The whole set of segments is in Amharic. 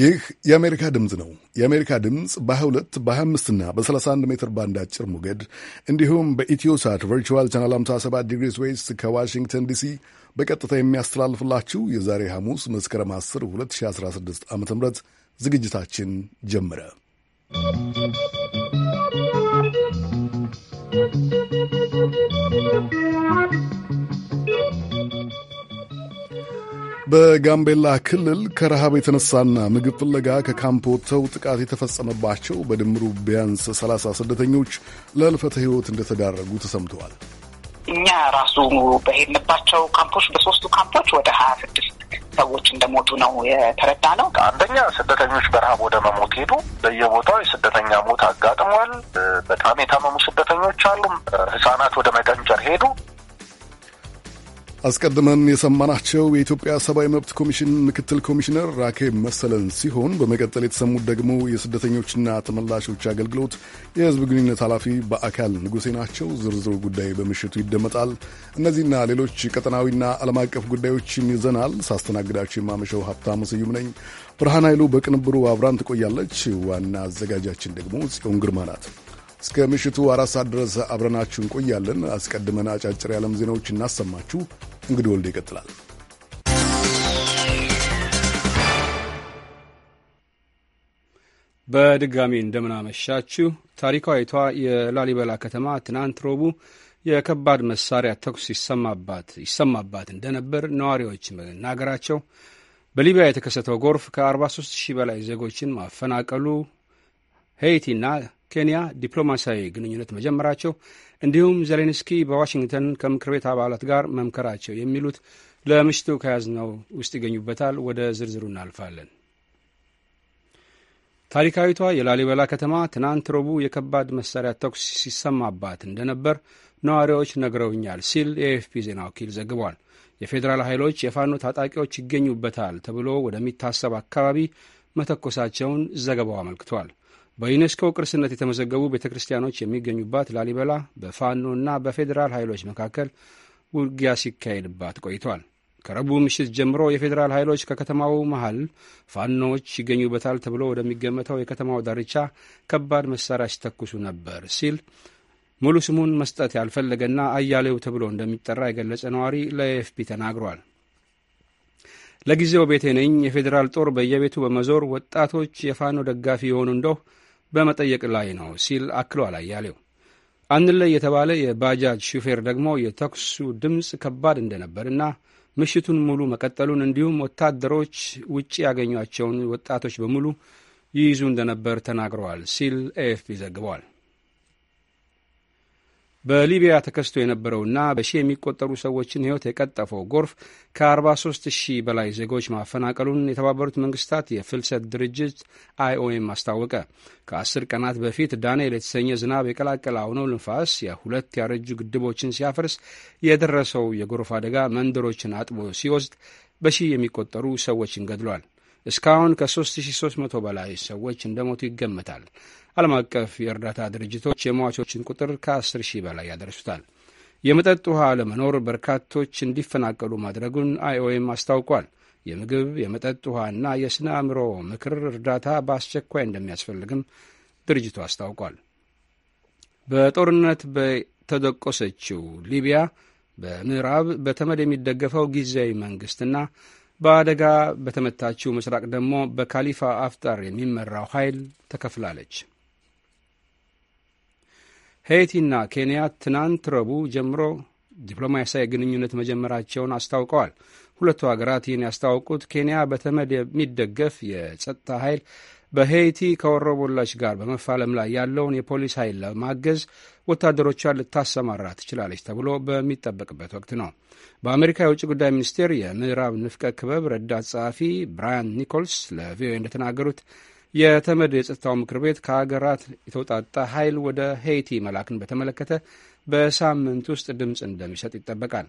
ይህ የአሜሪካ ድምፅ ነው። የአሜሪካ ድምፅ በ22 በ25ና በ31 ሜትር ባንድ አጭር ሞገድ እንዲሁም በኢትዮሳት ቨርቹዋል ቻናል 57 ዲግሪስ ዌስት ከዋሽንግተን ዲሲ በቀጥታ የሚያስተላልፍላችሁ የዛሬ ሐሙስ መስከረም 10 2016 ዓ ም ዝግጅታችን ጀመረ። በጋምቤላ ክልል ከረሃብ የተነሳና ምግብ ፍለጋ ከካምፕ ወጥተው ጥቃት የተፈጸመባቸው በድምሩ ቢያንስ ሰላሳ ስደተኞች ለልፈተ ሕይወት እንደተዳረጉ ተሰምተዋል። እኛ ራሱ በሄድንባቸው ካምፖች በሶስቱ ካምፖች ወደ ሀያ ስድስት ሰዎች እንደሞቱ ነው የተረዳ ነው። አንደኛ ስደተኞች በረሃብ ወደ መሞት ሄዱ። በየቦታው የስደተኛ ሞት አጋጥሟል። በጣም የታመሙ ስደተኞች አሉ። ህጻናት ወደ መቀንጨር ሄዱ። አስቀድመን የሰማናቸው የኢትዮጵያ ሰብአዊ መብት ኮሚሽን ምክትል ኮሚሽነር ራኬብ መሰለን ሲሆን በመቀጠል የተሰሙት ደግሞ የስደተኞችና ተመላሾች አገልግሎት የሕዝብ ግንኙነት ኃላፊ በአካል ንጉሴ ናቸው። ዝርዝሩ ጉዳይ በምሽቱ ይደመጣል። እነዚህና ሌሎች ቀጠናዊና ዓለም አቀፍ ጉዳዮችን ይዘናል። ሳስተናግዳቸው የማመሸው ሀብታሙ ስዩም ነኝ። ብርሃን ኃይሉ በቅንብሩ አብራን ትቆያለች። ዋና አዘጋጃችን ደግሞ ጽዮን ግርማ ናት። እስከ ምሽቱ አራት ሰዓት ድረስ አብረናችሁ እንቆያለን። አስቀድመን አጫጭር የዓለም ዜናዎች እናሰማችሁ። እንግዲህ ወልደ ይቀጥላል። በድጋሚ እንደምናመሻችሁ። ታሪካዊቷ የላሊበላ ከተማ ትናንት ሮቡ የከባድ መሳሪያ ተኩስ ይሰማባት እንደነበር ነዋሪዎች መናገራቸው፣ በሊቢያ የተከሰተው ጎርፍ ከ43 ሺህ በላይ ዜጎችን ማፈናቀሉ፣ ሄይቲና ኬንያ ዲፕሎማሲያዊ ግንኙነት መጀመራቸው እንዲሁም ዜሌንስኪ በዋሽንግተን ከምክር ቤት አባላት ጋር መምከራቸው የሚሉት ለምሽቱ ከያዝነው ውስጥ ይገኙበታል። ወደ ዝርዝሩ እናልፋለን። ታሪካዊቷ የላሊበላ ከተማ ትናንት ረቡዕ የከባድ መሳሪያ ተኩስ ሲሰማባት እንደነበር ነዋሪዎች ነግረውኛል ሲል የኤኤፍፒ ዜና ወኪል ዘግቧል። የፌዴራል ኃይሎች የፋኖ ታጣቂዎች ይገኙበታል ተብሎ ወደሚታሰብ አካባቢ መተኮሳቸውን ዘገባው አመልክቷል። በዩኔስኮ ቅርስነት የተመዘገቡ ቤተ ክርስቲያኖች የሚገኙባት ላሊበላ እና በፌዴራል ኃይሎች መካከል ውጊያ ሲካሄድባት ቆይቷል። ከረቡዕ ምሽት ጀምሮ የፌዴራል ኃይሎች ከከተማው መሃል ፋኖዎች ይገኙበታል ተብሎ ወደሚገመተው የከተማው ዳርቻ ከባድ መሳሪያ ሲተኩሱ ነበር ሲል ሙሉ ስሙን መስጠት ያልፈለገና አያሌው ተብሎ እንደሚጠራ የገለጸ ነዋሪ ለኤኤፍፒ ተናግሯል። ለጊዜው ቤቴ ነኝ። የፌዴራል ጦር በየቤቱ በመዞር ወጣቶች የፋኖ ደጋፊ የሆኑ እንደው በመጠየቅ ላይ ነው ሲል አክሏል አያሌው። አንለይ የተባለ የባጃጅ ሹፌር ደግሞ የተኩሱ ድምፅ ከባድ እንደነበርና ምሽቱን ሙሉ መቀጠሉን እንዲሁም ወታደሮች ውጭ ያገኟቸውን ወጣቶች በሙሉ ይይዙ እንደነበር ተናግረዋል ሲል ኤኤፍፒ ዘግበዋል። በሊቢያ ተከስቶ የነበረውና በሺህ የሚቆጠሩ ሰዎችን ሕይወት የቀጠፈው ጎርፍ ከ43 ሺህ በላይ ዜጎች ማፈናቀሉን የተባበሩት መንግስታት የፍልሰት ድርጅት አይኦኤም አስታወቀ። ከአስር ቀናት በፊት ዳንኤል የተሰኘ ዝናብ የቀላቀለ አውሎ ንፋስ የሁለት ያረጁ ግድቦችን ሲያፈርስ የደረሰው የጎርፍ አደጋ መንደሮችን አጥቦ ሲወስድ በሺ የሚቆጠሩ ሰዎችን ገድሏል። እስካሁን ከ3300 በላይ ሰዎች እንደሞቱ ይገመታል። ዓለም አቀፍ የእርዳታ ድርጅቶች የሟቾችን ቁጥር ከ10 ሺህ በላይ ያደርሱታል። የመጠጥ ውሃ አለመኖር በርካቶች እንዲፈናቀሉ ማድረጉን አይኦኤም አስታውቋል። የምግብ የመጠጥ ውሃና የሥነ አእምሮ ምክር እርዳታ በአስቸኳይ እንደሚያስፈልግም ድርጅቱ አስታውቋል። በጦርነት በተደቆሰችው ሊቢያ በምዕራብ በተመድ የሚደገፈው ጊዜያዊ መንግስትና በአደጋ በተመታችው ምስራቅ ደግሞ በካሊፋ አፍጣር የሚመራው ኃይል ተከፍላለች። ሄይቲና ኬንያ ትናንት ረቡዕ ጀምሮ ዲፕሎማሲያዊ ግንኙነት መጀመራቸውን አስታውቀዋል። ሁለቱ ሀገራት ይህን ያስታወቁት ኬንያ በተመድ የሚደገፍ የጸጥታ ኃይል በሄይቲ ከወሮበላሽ ጋር በመፋለም ላይ ያለውን የፖሊስ ኃይል ለማገዝ ወታደሮቿን ልታሰማራ ትችላለች ተብሎ በሚጠበቅበት ወቅት ነው። በአሜሪካ የውጭ ጉዳይ ሚኒስቴር የምዕራብ ንፍቀ ክበብ ረዳት ጸሐፊ ብራያን ኒኮልስ ለቪኦኤ እንደተናገሩት የተመድ የጸጥታው ምክር ቤት ከሀገራት የተውጣጣ ኃይል ወደ ሄይቲ መላክን በተመለከተ በሳምንት ውስጥ ድምፅ እንደሚሰጥ ይጠበቃል።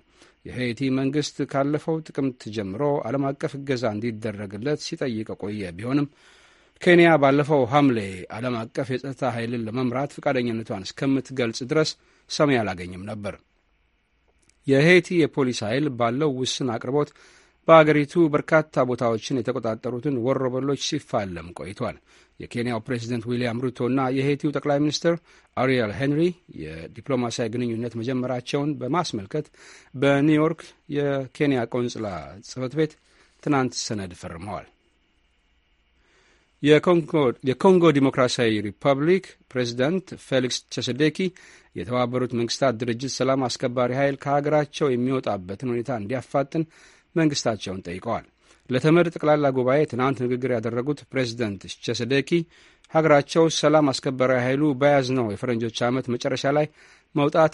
የሄይቲ መንግስት ካለፈው ጥቅምት ጀምሮ ዓለም አቀፍ እገዛ እንዲደረግለት ሲጠይቅ ቆየ ቢሆንም ኬንያ ባለፈው ሐምሌ ዓለም አቀፍ የጸጥታ ኃይልን ለመምራት ፈቃደኝነቷን እስከምትገልጽ ድረስ ሰሜ አላገኝም ነበር። የሄይቲ የፖሊስ ኃይል ባለው ውስን አቅርቦት በአገሪቱ በርካታ ቦታዎችን የተቆጣጠሩትን ወሮበሎች ሲፋለም ቆይቷል። የኬንያው ፕሬዚደንት ዊልያም እና የሄይቲው ጠቅላይ ሚኒስትር አሪያል ሄንሪ የዲፕሎማሲያዊ ግንኙነት መጀመራቸውን በማስመልከት በኒውዮርክ የኬንያ ቆንጽላ ጽህፈት ቤት ትናንት ሰነድ ፈርመዋል። የኮንጎ ዲሞክራሲያዊ ሪፐብሊክ ፕሬዚዳንት ፌሊክስ ቸሰዴኪ የተባበሩት መንግስታት ድርጅት ሰላም አስከባሪ ኃይል ከሀገራቸው የሚወጣበትን ሁኔታ እንዲያፋጥን መንግስታቸውን ጠይቀዋል። ለተመድ ጠቅላላ ጉባኤ ትናንት ንግግር ያደረጉት ፕሬዚደንት ቸሰዴኪ ሀገራቸው ሰላም አስከባሪ ኃይሉ በያዝነው የፈረንጆች ዓመት መጨረሻ ላይ መውጣት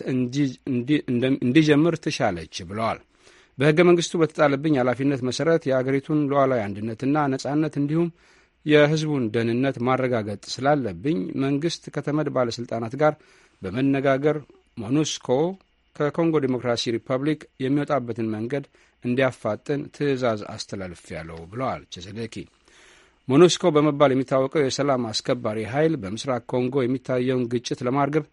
እንዲጀምር ትሻለች ብለዋል። በሕገ መንግሥቱ በተጣለብኝ ኃላፊነት መሠረት የአገሪቱን ሉዓላዊ አንድነትና ነጻነት እንዲሁም የህዝቡን ደህንነት ማረጋገጥ ስላለብኝ መንግሥት ከተመድ ባለሥልጣናት ጋር በመነጋገር ሞኑስኮ ከኮንጎ ዲሞክራሲ ሪፐብሊክ የሚወጣበትን መንገድ እንዲያፋጥን ትዕዛዝ ያለው ብለዋል ቼሴዴኪ። ሞኑስኮ በመባል የሚታወቀው የሰላም አስከባሪ ኃይል በምስራቅ ኮንጎ የሚታየውን ግጭት ለማርገብ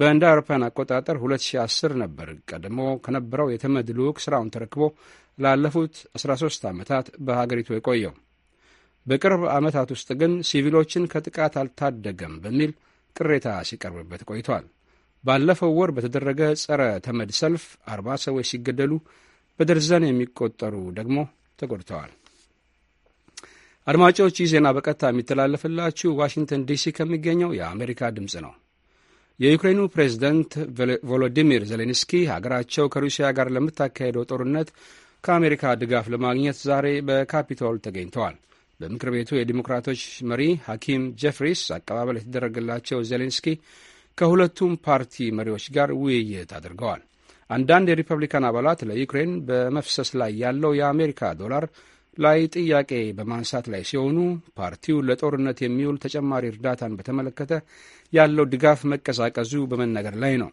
በእንደ አውሮፓውያን አቆጣጠር 2010 ነበር ቀድሞ ከነበረው የተመድ ልዑክ ስራውን ተረክቦ ላለፉት 13 ዓመታት በሀገሪቱ የቆየው። በቅርብ ዓመታት ውስጥ ግን ሲቪሎችን ከጥቃት አልታደገም በሚል ቅሬታ ሲቀርብበት ቆይቷል። ባለፈው ወር በተደረገ ጸረ ተመድ ሰልፍ አርባ ሰዎች ሲገደሉ በደርዘን የሚቆጠሩ ደግሞ ተጎድተዋል። አድማጮች ይህ ዜና በቀጥታ የሚተላለፍላችሁ ዋሽንግተን ዲሲ ከሚገኘው የአሜሪካ ድምፅ ነው። የዩክሬኑ ፕሬዝደንት ቮሎዲሚር ዜሌንስኪ ሀገራቸው ከሩሲያ ጋር ለምታካሄደው ጦርነት ከአሜሪካ ድጋፍ ለማግኘት ዛሬ በካፒቶል ተገኝተዋል። በምክር ቤቱ የዲሞክራቶች መሪ ሐኪም ጀፍሪስ አቀባበል የተደረገላቸው ዜሌንስኪ ከሁለቱም ፓርቲ መሪዎች ጋር ውይይት አድርገዋል። አንዳንድ የሪፐብሊካን አባላት ለዩክሬን በመፍሰስ ላይ ያለው የአሜሪካ ዶላር ላይ ጥያቄ በማንሳት ላይ ሲሆኑ ፓርቲው ለጦርነት የሚውል ተጨማሪ እርዳታን በተመለከተ ያለው ድጋፍ መቀዛቀዙ በመነገር ላይ ነው።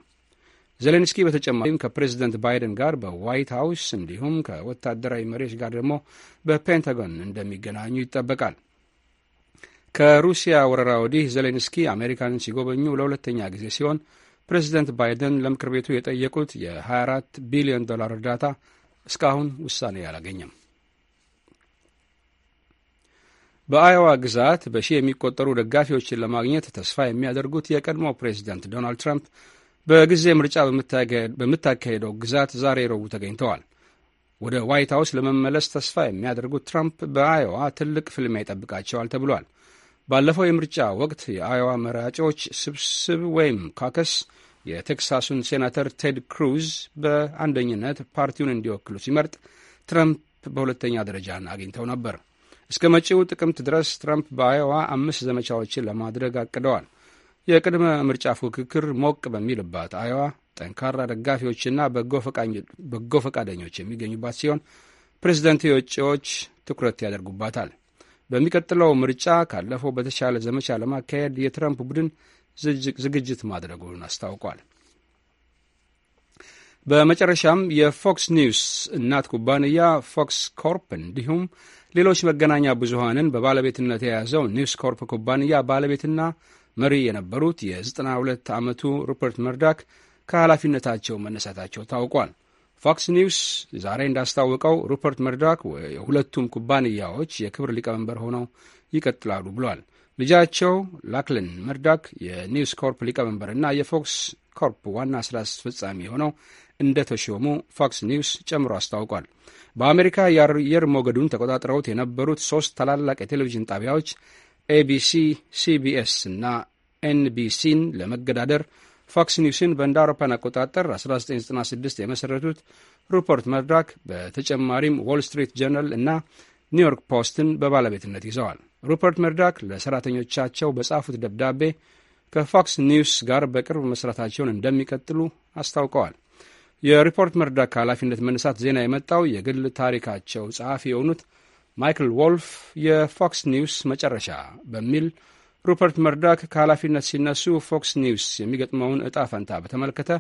ዜሌንስኪ በተጨማሪም ከፕሬዚደንት ባይደን ጋር በዋይት ሀውስ እንዲሁም ከወታደራዊ መሪዎች ጋር ደግሞ በፔንታጎን እንደሚገናኙ ይጠበቃል። ከሩሲያ ወረራ ወዲህ ዜሌንስኪ አሜሪካንን ሲጎበኙ ለሁለተኛ ጊዜ ሲሆን ፕሬዚደንት ባይደን ለምክር ቤቱ የጠየቁት የ24 ቢሊዮን ዶላር እርዳታ እስካሁን ውሳኔ አላገኘም። በአዮዋ ግዛት በሺህ የሚቆጠሩ ደጋፊዎችን ለማግኘት ተስፋ የሚያደርጉት የቀድሞ ፕሬዚደንት ዶናልድ ትራምፕ በጊዜ ምርጫ በምታካሄደው ግዛት ዛሬ ረቡዕ ተገኝተዋል። ወደ ዋይት ሀውስ ለመመለስ ተስፋ የሚያደርጉት ትራምፕ በአዮዋ ትልቅ ፍልሚያ ይጠብቃቸዋል ተብሏል። ባለፈው የምርጫ ወቅት የአዮዋ መራጮች ስብስብ ወይም ካከስ የቴክሳሱን ሴናተር ቴድ ክሩዝ በአንደኝነት ፓርቲውን እንዲወክሉ ሲመርጥ ትራምፕ በሁለተኛ ደረጃን አግኝተው ነበር። እስከ መጪው ጥቅምት ድረስ ትራምፕ በአዮዋ አምስት ዘመቻዎችን ለማድረግ አቅደዋል። የቅድመ ምርጫ ፉክክር ሞቅ በሚልባት አይዋ ጠንካራ ደጋፊዎችና በጎ ፈቃደኞች የሚገኙባት ሲሆን ፕሬዚደንት የውጭዎች ትኩረት ያደርጉባታል። በሚቀጥለው ምርጫ ካለፈው በተሻለ ዘመቻ ለማካሄድ የትራምፕ ቡድን ዝግጅት ማድረጉን አስታውቋል። በመጨረሻም የፎክስ ኒውስ እናት ኩባንያ ፎክስ ኮርፕ እንዲሁም ሌሎች መገናኛ ብዙሃንን በባለቤትነት የያዘው ኒውስ ኮርፕ ኩባንያ ባለቤትና መሪ የነበሩት የ92 ዓመቱ ሩፐርት መርዳክ ከኃላፊነታቸው መነሳታቸው ታውቋል። ፎክስ ኒውስ ዛሬ እንዳስታወቀው ሩፐርት መርዳክ የሁለቱም ኩባንያዎች የክብር ሊቀመንበር ሆነው ይቀጥላሉ ብሏል። ልጃቸው ላክለን መርዳክ የኒውስ ኮርፕ ሊቀመንበርና የፎክስ ኮርፕ ዋና ስራ አስፈጻሚ ሆነው እንደተሾሙ ፎክስ ኒውስ ጨምሮ አስታውቋል። በአሜሪካ የአየር ሞገዱን ተቆጣጥረውት የነበሩት ሶስት ታላላቅ የቴሌቪዥን ጣቢያዎች ኤቢሲ፣ ሲቢኤስ እና ኤንቢሲን ለመገዳደር ፎክስ ኒውስን በእንደ አውሮፓን አቆጣጠር 1996 የመሠረቱት ሩፐርት መድራክ በተጨማሪም ዎል ስትሪት ጀርናል እና ኒውዮርክ ፖስትን በባለቤትነት ይዘዋል። ሩፐርት መርዳክ ለሠራተኞቻቸው በጻፉት ደብዳቤ ከፎክስ ኒውስ ጋር በቅርብ መስራታቸውን እንደሚቀጥሉ አስታውቀዋል። የሪፖርት መርዳክ ኃላፊነት መነሳት ዜና የመጣው የግል ታሪካቸው ጸሐፊ የሆኑት ማይክል ዎልፍ የፎክስ ኒውስ መጨረሻ በሚል ሩፐርት መርዳክ ከኃላፊነት ሲነሱ ፎክስ ኒውስ የሚገጥመውን እጣ ፈንታ በተመለከተ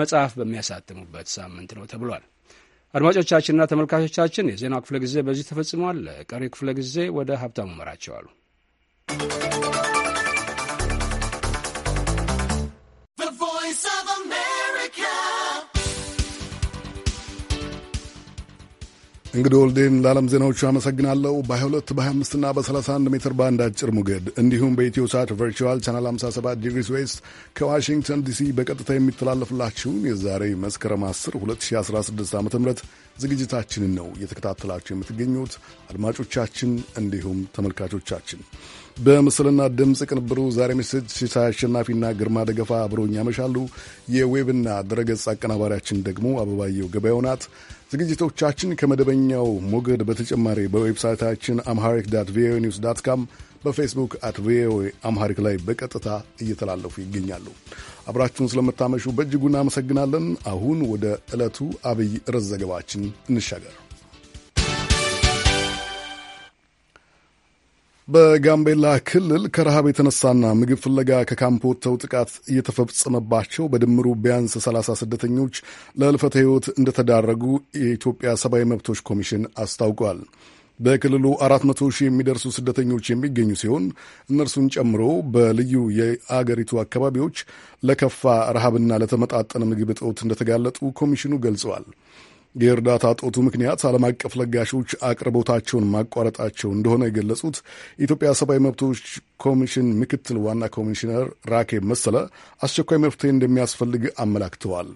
መጽሐፍ በሚያሳትሙበት ሳምንት ነው ተብሏል። አድማጮቻችንና ተመልካቾቻችን የዜናው ክፍለ ጊዜ በዚህ ተፈጽሟል። ቀሪ ክፍለ ጊዜ ወደ ሀብታሙ መራቸዋሉ። እንግዲህ ወልዴን ለዓለም ዜናዎቹ አመሰግናለሁ። በ22 በ25ና በ31 ሜትር ባንድ አጭር ሞገድ እንዲሁም በኢትዮ ሳት ቨርቹዋል ቻናል 57 ዲግሪስ ዌስት ከዋሽንግተን ዲሲ በቀጥታ የሚተላለፍላችሁን የዛሬ መስከረም 10 2016 ዓ ም ዝግጅታችንን ነው እየተከታተላችሁ የምትገኙት አድማጮቻችን፣ እንዲሁም ተመልካቾቻችን በምስልና ድምፅ ቅንብሩ ዛሬ ምሽት ሲሳይ አሸናፊና ግርማ ደገፋ አብረውኝ ያመሻሉ። የዌብና ድረገጽ አቀናባሪያችን ደግሞ አበባየው ገበያው ናት። ዝግጅቶቻችን ከመደበኛው ሞገድ በተጨማሪ በዌብሳይታችን አምሃሪክ ዳት ቪኦኤ ኒውስ ዳት ካም፣ በፌስቡክ አት ቪኦኤ አምሃሪክ ላይ በቀጥታ እየተላለፉ ይገኛሉ። አብራችሁን ስለምታመሹ በእጅጉ እናመሰግናለን። አሁን ወደ ዕለቱ አብይ ርዕስ ዘገባችን እንሻገር። በጋምቤላ ክልል ከረሃብ የተነሳና ምግብ ፍለጋ ከካምፕ ወጥተው ጥቃት እየተፈጸመባቸው በድምሩ ቢያንስ 30 ስደተኞች ለህልፈተ ሕይወት እንደተዳረጉ የኢትዮጵያ ሰብአዊ መብቶች ኮሚሽን አስታውቋል። በክልሉ 400 ሺህ የሚደርሱ ስደተኞች የሚገኙ ሲሆን እነርሱን ጨምሮ በልዩ የአገሪቱ አካባቢዎች ለከፋ ረሃብና ለተመጣጠነ ምግብ እጦት እንደተጋለጡ ኮሚሽኑ ገልጸዋል። የእርዳታ ጦቱ ምክንያት ዓለም አቀፍ ለጋሾች አቅርቦታቸውን ማቋረጣቸው እንደሆነ የገለጹት የኢትዮጵያ ሰብአዊ መብቶች ኮሚሽን ምክትል ዋና ኮሚሽነር ራኬብ መሰለ አስቸኳይ መፍትሄ እንደሚያስፈልግ አመላክተዋል።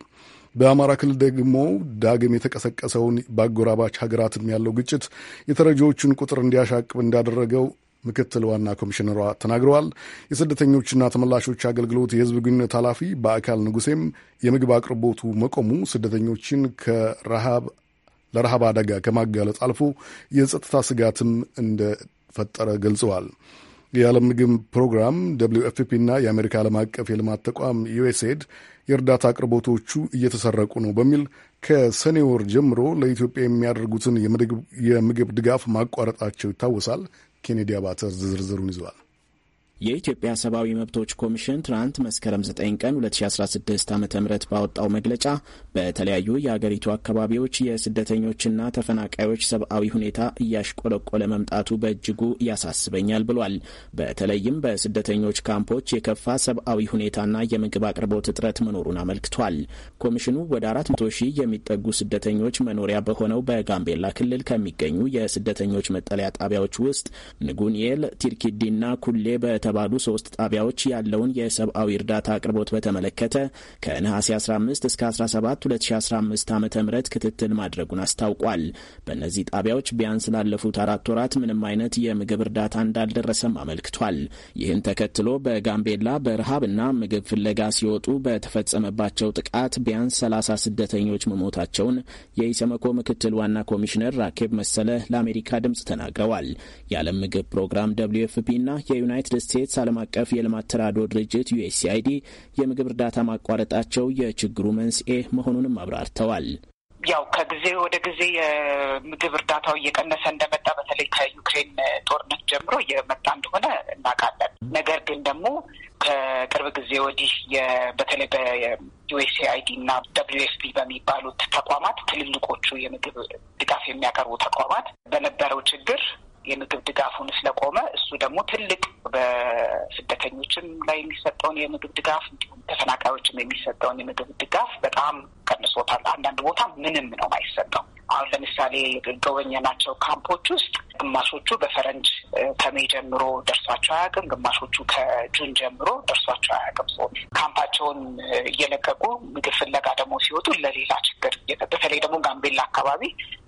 በአማራ ክልል ደግሞ ዳግም የተቀሰቀሰውን በአጎራባች ሀገራትም ያለው ግጭት የተረጂዎቹን ቁጥር እንዲያሻቅብ እንዳደረገው ምክትል ዋና ኮሚሽነሯ ተናግረዋል። የስደተኞችና ተመላሾች አገልግሎት የህዝብ ግንኙነት ኃላፊ በአካል ንጉሴም የምግብ አቅርቦቱ መቆሙ ስደተኞችን ከረሃብ ለረሃብ አደጋ ከማጋለጥ አልፎ የጸጥታ ስጋትም እንደፈጠረ ገልጸዋል። የዓለም ምግብ ፕሮግራም ደብሊው ኤፍ ፒ እና የአሜሪካ ዓለም አቀፍ የልማት ተቋም ዩኤስኤድ የእርዳታ አቅርቦቶቹ እየተሰረቁ ነው በሚል ከሰኔ ወር ጀምሮ ለኢትዮጵያ የሚያደርጉትን የምግብ ድጋፍ ማቋረጣቸው ይታወሳል። ኬኔዲ አባተር ዝርዝሩን ይዘዋል። የኢትዮጵያ ሰብአዊ መብቶች ኮሚሽን ትናንት መስከረም 9 ቀን 2016 ዓ ም ባወጣው መግለጫ በተለያዩ የአገሪቱ አካባቢዎች የስደተኞችና ተፈናቃዮች ሰብአዊ ሁኔታ እያሽቆለቆለ መምጣቱ በእጅጉ ያሳስበኛል ብሏል። በተለይም በስደተኞች ካምፖች የከፋ ሰብአዊ ሁኔታና የምግብ አቅርቦት እጥረት መኖሩን አመልክቷል። ኮሚሽኑ ወደ 400 ሺህ የሚጠጉ ስደተኞች መኖሪያ በሆነው በጋምቤላ ክልል ከሚገኙ የስደተኞች መጠለያ ጣቢያዎች ውስጥ ንጉንኤል፣ ቲርኪዲና ኩሌ በ በተባሉ ሶስት ጣቢያዎች ያለውን የሰብአዊ እርዳታ አቅርቦት በተመለከተ ከነሐሴ 15 እስከ 17 2015 ዓ ም ክትትል ማድረጉን አስታውቋል። በእነዚህ ጣቢያዎች ቢያንስ ላለፉት አራት ወራት ምንም አይነት የምግብ እርዳታ እንዳልደረሰም አመልክቷል። ይህን ተከትሎ በጋምቤላ በረሃብና ምግብ ፍለጋ ሲወጡ በተፈጸመባቸው ጥቃት ቢያንስ 30 ስደተኞች መሞታቸውን የኢሰመኮ ምክትል ዋና ኮሚሽነር ራኬብ መሰለ ለአሜሪካ ድምፅ ተናግረዋል። የዓለም ምግብ ፕሮግራም ደብልዩ ኤፍ እና የዩናይትድ ስቴትስ ስቴትስ ዓለም አቀፍ የልማት ተራድኦ ድርጅት ዩኤስኤአይዲ የምግብ እርዳታ ማቋረጣቸው የችግሩ መንስኤ መሆኑንም አብራርተዋል። ያው ከጊዜ ወደ ጊዜ የምግብ እርዳታው እየቀነሰ እንደመጣ በተለይ ከዩክሬን ጦርነት ጀምሮ እየመጣ እንደሆነ እናውቃለን። ነገር ግን ደግሞ ከቅርብ ጊዜ ወዲህ በተለይ በዩኤስኤአይዲ እና ደብሊዩ ኤፍ ፒ በሚባሉት ተቋማት ትልልቆቹ የምግብ ድጋፍ የሚያቀርቡ ተቋማት በነበረው ችግር የምግብ ድጋፉን ስለቆመ እሱ ደግሞ ትልቅ በስደተኞችም ላይ የሚሰጠውን የምግብ ድጋፍ እንዲሁም ተፈናቃዮችም የሚሰጠውን የምግብ ድጋፍ በጣም ቀንሶታል። አንዳንድ ቦታ ምንም ነው የማይሰጠው። አሁን ለምሳሌ የጎበኘናቸው ካምፖች ውስጥ ግማሾቹ በፈረንጅ ከሜ ጀምሮ ደርሷቸው አያውቅም። ግማሾቹ ከጁን ጀምሮ ደርሷቸው አያውቅም። ካምፓቸውን እየለቀቁ ምግብ ፍለጋ ደግሞ ሲወጡ ለሌላ ችግር በተለይ ደግሞ ጋምቤላ አካባቢ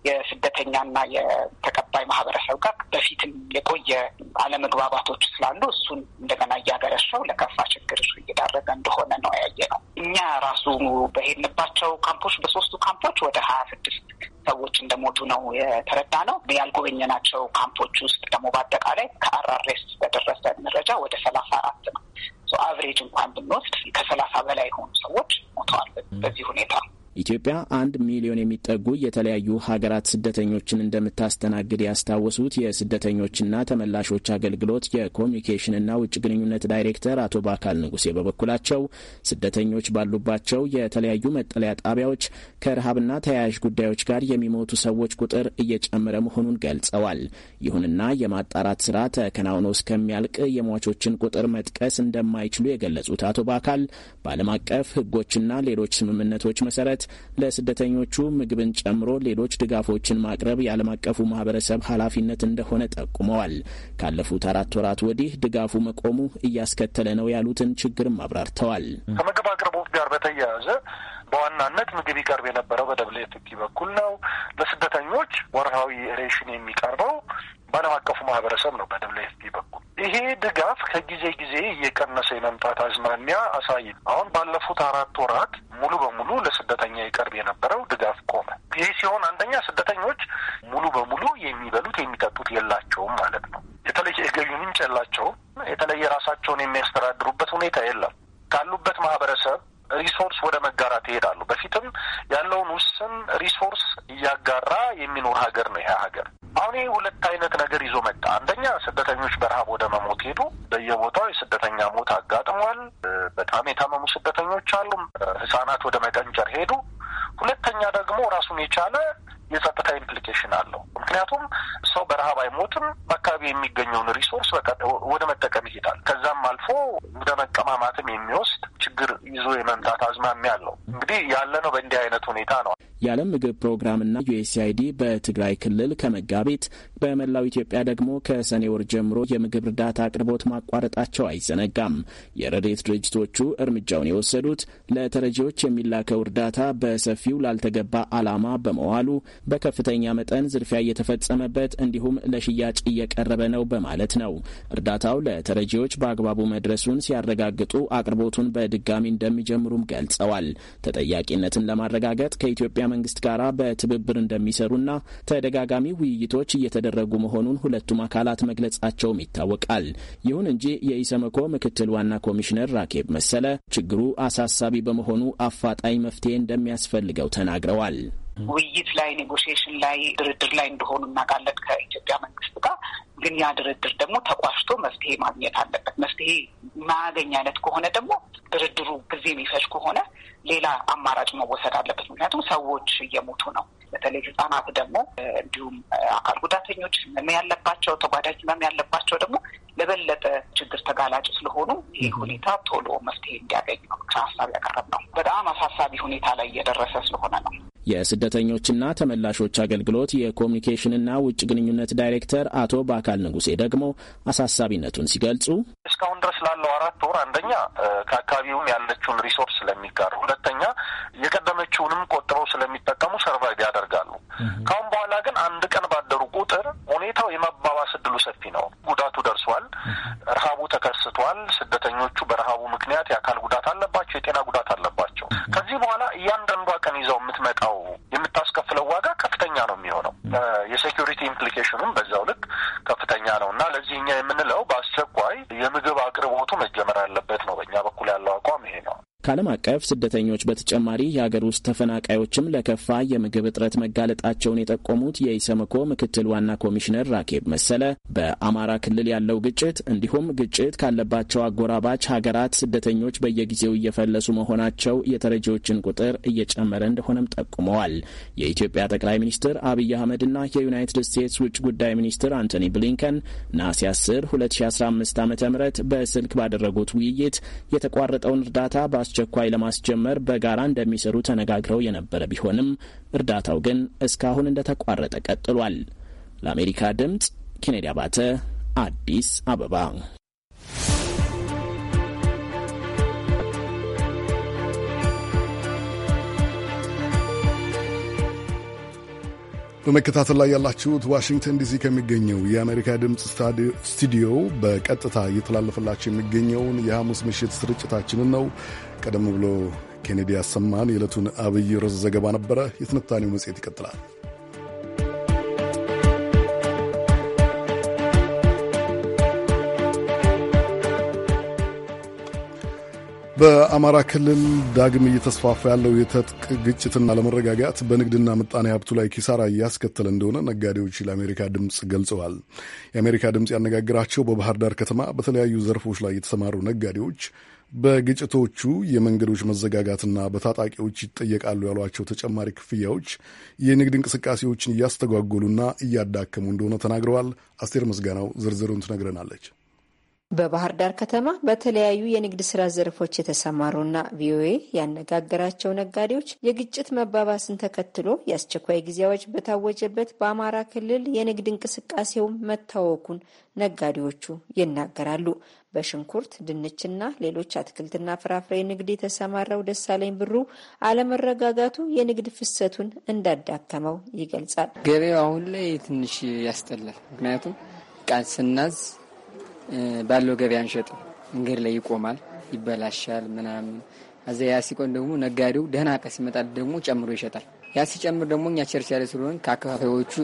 የስደተኛና የተቀባይ ማህበረሰብ ጋር በፊትም የቆየ አለመግባባቶች ስላሉ እሱን እንደገና እያገረሸው ለከፋ ችግር እሱ እየዳረገ እንደሆነ ነው ያየ ነው። እኛ ራሱ በሄድንባቸው ካምፖች በሶስቱ ካምፖች ወደ ሀያ ስድስት ሰዎች እንደሞቱ ነው የተረዳ ነው። ያልጎበኘናቸው ካምፖች ውስጥ ደግሞ በአጠቃላይ ከአራሬስ በደረሰ መረጃ ወደ ሰላሳ አራት ነው አቨሬጅ እንኳን ብንወስድ ከሰላሳ በላይ የሆኑ ሰዎች ሞተዋል በዚህ ሁኔታ ኢትዮጵያ አንድ ሚሊዮን የሚጠጉ የተለያዩ ሀገራት ስደተኞችን እንደምታስተናግድ ያስታወሱት የስደተኞችና ተመላሾች አገልግሎት የኮሚኒኬሽንና ውጭ ግንኙነት ዳይሬክተር አቶ ባካል ንጉሴ በበኩላቸው ስደተኞች ባሉባቸው የተለያዩ መጠለያ ጣቢያዎች ከረሃብና ተያያዥ ጉዳዮች ጋር የሚሞቱ ሰዎች ቁጥር እየጨመረ መሆኑን ገልጸዋል። ይሁንና የማጣራት ስራ ተከናውኖ እስከሚያልቅ የሟቾችን ቁጥር መጥቀስ እንደማይችሉ የገለጹት አቶ ባካል በዓለም አቀፍ ሕጎችና ሌሎች ስምምነቶች መሰረት በማለት ለስደተኞቹ ምግብን ጨምሮ ሌሎች ድጋፎችን ማቅረብ የዓለም አቀፉ ማህበረሰብ ኃላፊነት እንደሆነ ጠቁመዋል። ካለፉት አራት ወራት ወዲህ ድጋፉ መቆሙ እያስከተለ ነው ያሉትን ችግርም አብራርተዋል። ከምግብ አቅርቦት ጋር በተያያዘ በዋናነት ምግብ ይቀርብ የነበረው በደብልኤፍፒ በኩል ነው። ለስደተኞች ወርሃዊ ሬሽን የሚቀርበው በዓለም አቀፉ ማህበረሰብ ነው በደብሊው በኩል ይሄ ድጋፍ ከጊዜ ጊዜ እየቀነሰ የመምጣት አዝማሚያ አሳይ። አሁን ባለፉት አራት ወራት ሙሉ በሙሉ ለስደተኛ ይቀርብ የነበረው ድጋፍ ቆመ። ይህ ሲሆን አንደኛ ስደተኞች ሙሉ በሙሉ የሚበሉት የሚጠጡት የላቸውም ማለት ነው። የተለየ የገቢ ምንጭ የላቸውም። የተለየ ራሳቸውን የሚያስተዳድሩበት ሁኔታ የለም። ካሉበት ማህበረሰብ ሪሶርስ ወደ መጋራት ይሄዳሉ። በፊትም ያለውን ውስን ሪሶርስ እያጋራ የሚኖር ሀገር ነው ይሄ ሀገር አሁን ይህ ሁለት አይነት ነገር ይዞ መጣ። አንደኛ ስደተኞች በረሃብ ወደ መሞት ሄዱ። በየቦታው የስደተኛ ሞት አጋጥሟል። በጣም የታመሙ ስደተኞች አሉ። ህጻናት ወደ መቀንጨር ሄዱ። ሁለተኛ ደግሞ ራሱን የቻለ የጸጥታ ኢምፕሊኬሽን አለው። ምክንያቱም ሰው በረሃብ አይሞትም። በአካባቢ የሚገኘውን ሪሶርስ ወደ መጠቀም ይሄዳል። ከዛም አልፎ ወደ መቀማማትም የሚወስድ ችግር ይዞ የመምጣት አዝማሚያ አለው። እንግዲህ ያለ ነው በእንዲህ አይነት ሁኔታ ነው። የዓለም ምግብ ፕሮግራምና ዩኤስአይዲ በትግራይ ክልል ከመጋቢት በመላው ኢትዮጵያ ደግሞ ከሰኔ ወር ጀምሮ የምግብ እርዳታ አቅርቦት ማቋረጣቸው አይዘነጋም። የረዴት ድርጅቶቹ እርምጃውን የወሰዱት ለተረጂዎች የሚላከው እርዳታ በሰፊው ላልተገባ ዓላማ በመዋሉ በከፍተኛ መጠን ዝርፊያ እየተፈጸመበት እንዲሁም ለሽያጭ እየቀረበ ነው በማለት ነው። እርዳታው ለተረጂዎች በአግባቡ መድረሱን ሲያረጋግጡ አቅርቦቱን በድጋሚ እንደሚጀምሩም ገልጸዋል። ተጠያቂነትን ለማረጋገጥ ከኢትዮጵያ መንግስት ጋር በትብብር እንደሚሰሩና ተደጋጋሚ ውይይቶች እየተደረጉ መሆኑን ሁለቱም አካላት መግለጻቸውም ይታወቃል። ይሁን እንጂ የኢሰመኮ ምክትል ዋና ኮሚሽነር ራኬብ መሰለ ችግሩ አሳሳቢ በመሆኑ አፋጣኝ መፍትሄ እንደሚያስፈልገው ተናግረዋል። ውይይት ላይ ኔጎሽሽን ላይ ድርድር ላይ እንደሆኑ እናውቃለን ከኢትዮጵያ መንግስት ጋር ግን ያ ድርድር ደግሞ ተቋጭቶ መፍትሄ ማግኘት አለበት። መፍትሄ ማያገኝ አይነት ከሆነ ደግሞ ድርድሩ ጊዜ የሚፈጅ ከሆነ ሌላ አማራጭ መወሰድ አለበት። ምክንያቱም ሰዎች እየሞቱ ነው። በተለይ ህጻናት ደግሞ እንዲሁም አካል ጉዳተኞች፣ ህመም ያለባቸው ተጓዳጅ ህመም ያለባቸው ደግሞ ለበለጠ ችግር ተጋላጭ ስለሆኑ ይህ ሁኔታ ቶሎ መፍትሄ እንዲያገኝ ነው ሀሳብ ያቀረብ ነው። በጣም አሳሳቢ ሁኔታ ላይ እየደረሰ ስለሆነ ነው። የስደተኞችና ተመላሾች አገልግሎት የኮሚኒኬሽንና ውጭ ግንኙነት ዳይሬክተር አቶ ባካ አካል ንጉሴ ደግሞ አሳሳቢነቱን ሲገልጹ እስካሁን ድረስ ላለው አራት ወር አንደኛ ከአካባቢውም ያለችውን ሪሶርስ ስለሚጋሩ፣ ሁለተኛ የቀደመችውንም ቆጥረው ስለሚጠቀሙ ሰርቫይቭ ያደርጋሉ። ካሁን በኋላ ግን አንድ ቀን ባደሩ ቁጥር ሁኔታው የመባባስ እድሉ ሰፊ ነው። ጉዳቱ ደርሷል። ረሃቡ ተከስቷል። ስደተኞቹ በረሃቡ ምክንያት የአካል ጉዳት አለባቸው፣ የጤና ጉዳት አለባቸው። ከዚህ በኋላ እያንዳንዷ ቀን ይዘው የምትመጣው የምታስከፍለው ዋጋ ከፍተኛ ነው የሚሆነው። የሴኪሪቲ ኢምፕሊኬሽኑም በዛው ልክ ከፍተኛ ነው እና ለዚህ እኛ የምንለው በአስቸኳይ የምግብ አቅርቦቱ መጀመር አለበት ነው። በእኛ በኩል ያለው አቋም ይሄ ነው። ከዓለም አቀፍ ስደተኞች በተጨማሪ የአገር ውስጥ ተፈናቃዮችም ለከፋ የምግብ እጥረት መጋለጣቸውን የጠቆሙት የኢሰመኮ ምክትል ዋና ኮሚሽነር ራኬብ መሰለ በአማራ ክልል ያለው ግጭት እንዲሁም ግጭት ካለባቸው አጎራባች ሀገራት ስደተኞች በየጊዜው እየፈለሱ መሆናቸው የተረጂዎችን ቁጥር እየጨመረ እንደሆነም ጠቁመዋል። የኢትዮጵያ ጠቅላይ ሚኒስትር አብይ አህመድና የዩናይትድ ስቴትስ ውጭ ጉዳይ ሚኒስትር አንቶኒ ብሊንከን ነሐሴ 10 2015 ዓ ም በስልክ ባደረጉት ውይይት የተቋረጠውን እርዳታ በአስቸኳይ ለማስጀመር በጋራ እንደሚሰሩ ተነጋግረው የነበረ ቢሆንም እርዳታው ግን እስካሁን እንደተቋረጠ ቀጥሏል። ለአሜሪካ ድምጽ ኬኔዲ አባተ አዲስ አበባ። በመከታተል ላይ ያላችሁት ዋሽንግተን ዲሲ ከሚገኘው የአሜሪካ ድምፅ ስቱዲዮ በቀጥታ እየተላለፈላችሁ የሚገኘውን የሐሙስ ምሽት ስርጭታችንን ነው። ቀደም ብሎ ኬኔዲ ያሰማን የዕለቱን አብይ ርዕስ ዘገባ ነበረ። የትንታኔው መጽሔት ይቀጥላል። በአማራ ክልል ዳግም እየተስፋፋ ያለው የትጥቅ ግጭትና ለመረጋጋት በንግድና ምጣኔ ሀብቱ ላይ ኪሳራ እያስከተለ እንደሆነ ነጋዴዎች ለአሜሪካ ድምፅ ገልጸዋል። የአሜሪካ ድምፅ ያነጋግራቸው በባህር ዳር ከተማ በተለያዩ ዘርፎች ላይ የተሰማሩ ነጋዴዎች በግጭቶቹ የመንገዶች መዘጋጋትና በታጣቂዎች ይጠየቃሉ ያሏቸው ተጨማሪ ክፍያዎች የንግድ እንቅስቃሴዎችን እያስተጓጎሉና እያዳከሙ እንደሆነ ተናግረዋል። አስቴር ምስጋናው ዝርዝሩን ትነግረናለች። በባህር ዳር ከተማ በተለያዩ የንግድ ስራ ዘርፎች የተሰማሩና ቪኦኤ ያነጋገራቸው ነጋዴዎች የግጭት መባባስን ተከትሎ የአስቸኳይ ጊዜያዎች በታወጀበት በአማራ ክልል የንግድ እንቅስቃሴው መታወኩን ነጋዴዎቹ ይናገራሉ። በሽንኩርት ድንችና ሌሎች አትክልትና ፍራፍሬ ንግድ የተሰማራው ደሳለኝ ብሩ አለመረጋጋቱ የንግድ ፍሰቱን እንዳዳከመው ይገልጻል። ገበያው አሁን ላይ ትንሽ ያስጠላል። ምክንያቱም ዕቃ ስናዝ ባለው ገበያ አንሸጥ፣ መንገድ ላይ ይቆማል፣ ይበላሻል ምናምን አዛ ያ ሲቆን ደግሞ ነጋዴው ደህና ቀ ሲመጣል ደግሞ ጨምሮ ይሸጣል። ያ ሲጨምር ደግሞ እኛ ቸርቻሪ ስለሆን ከአከፋፋዮቹ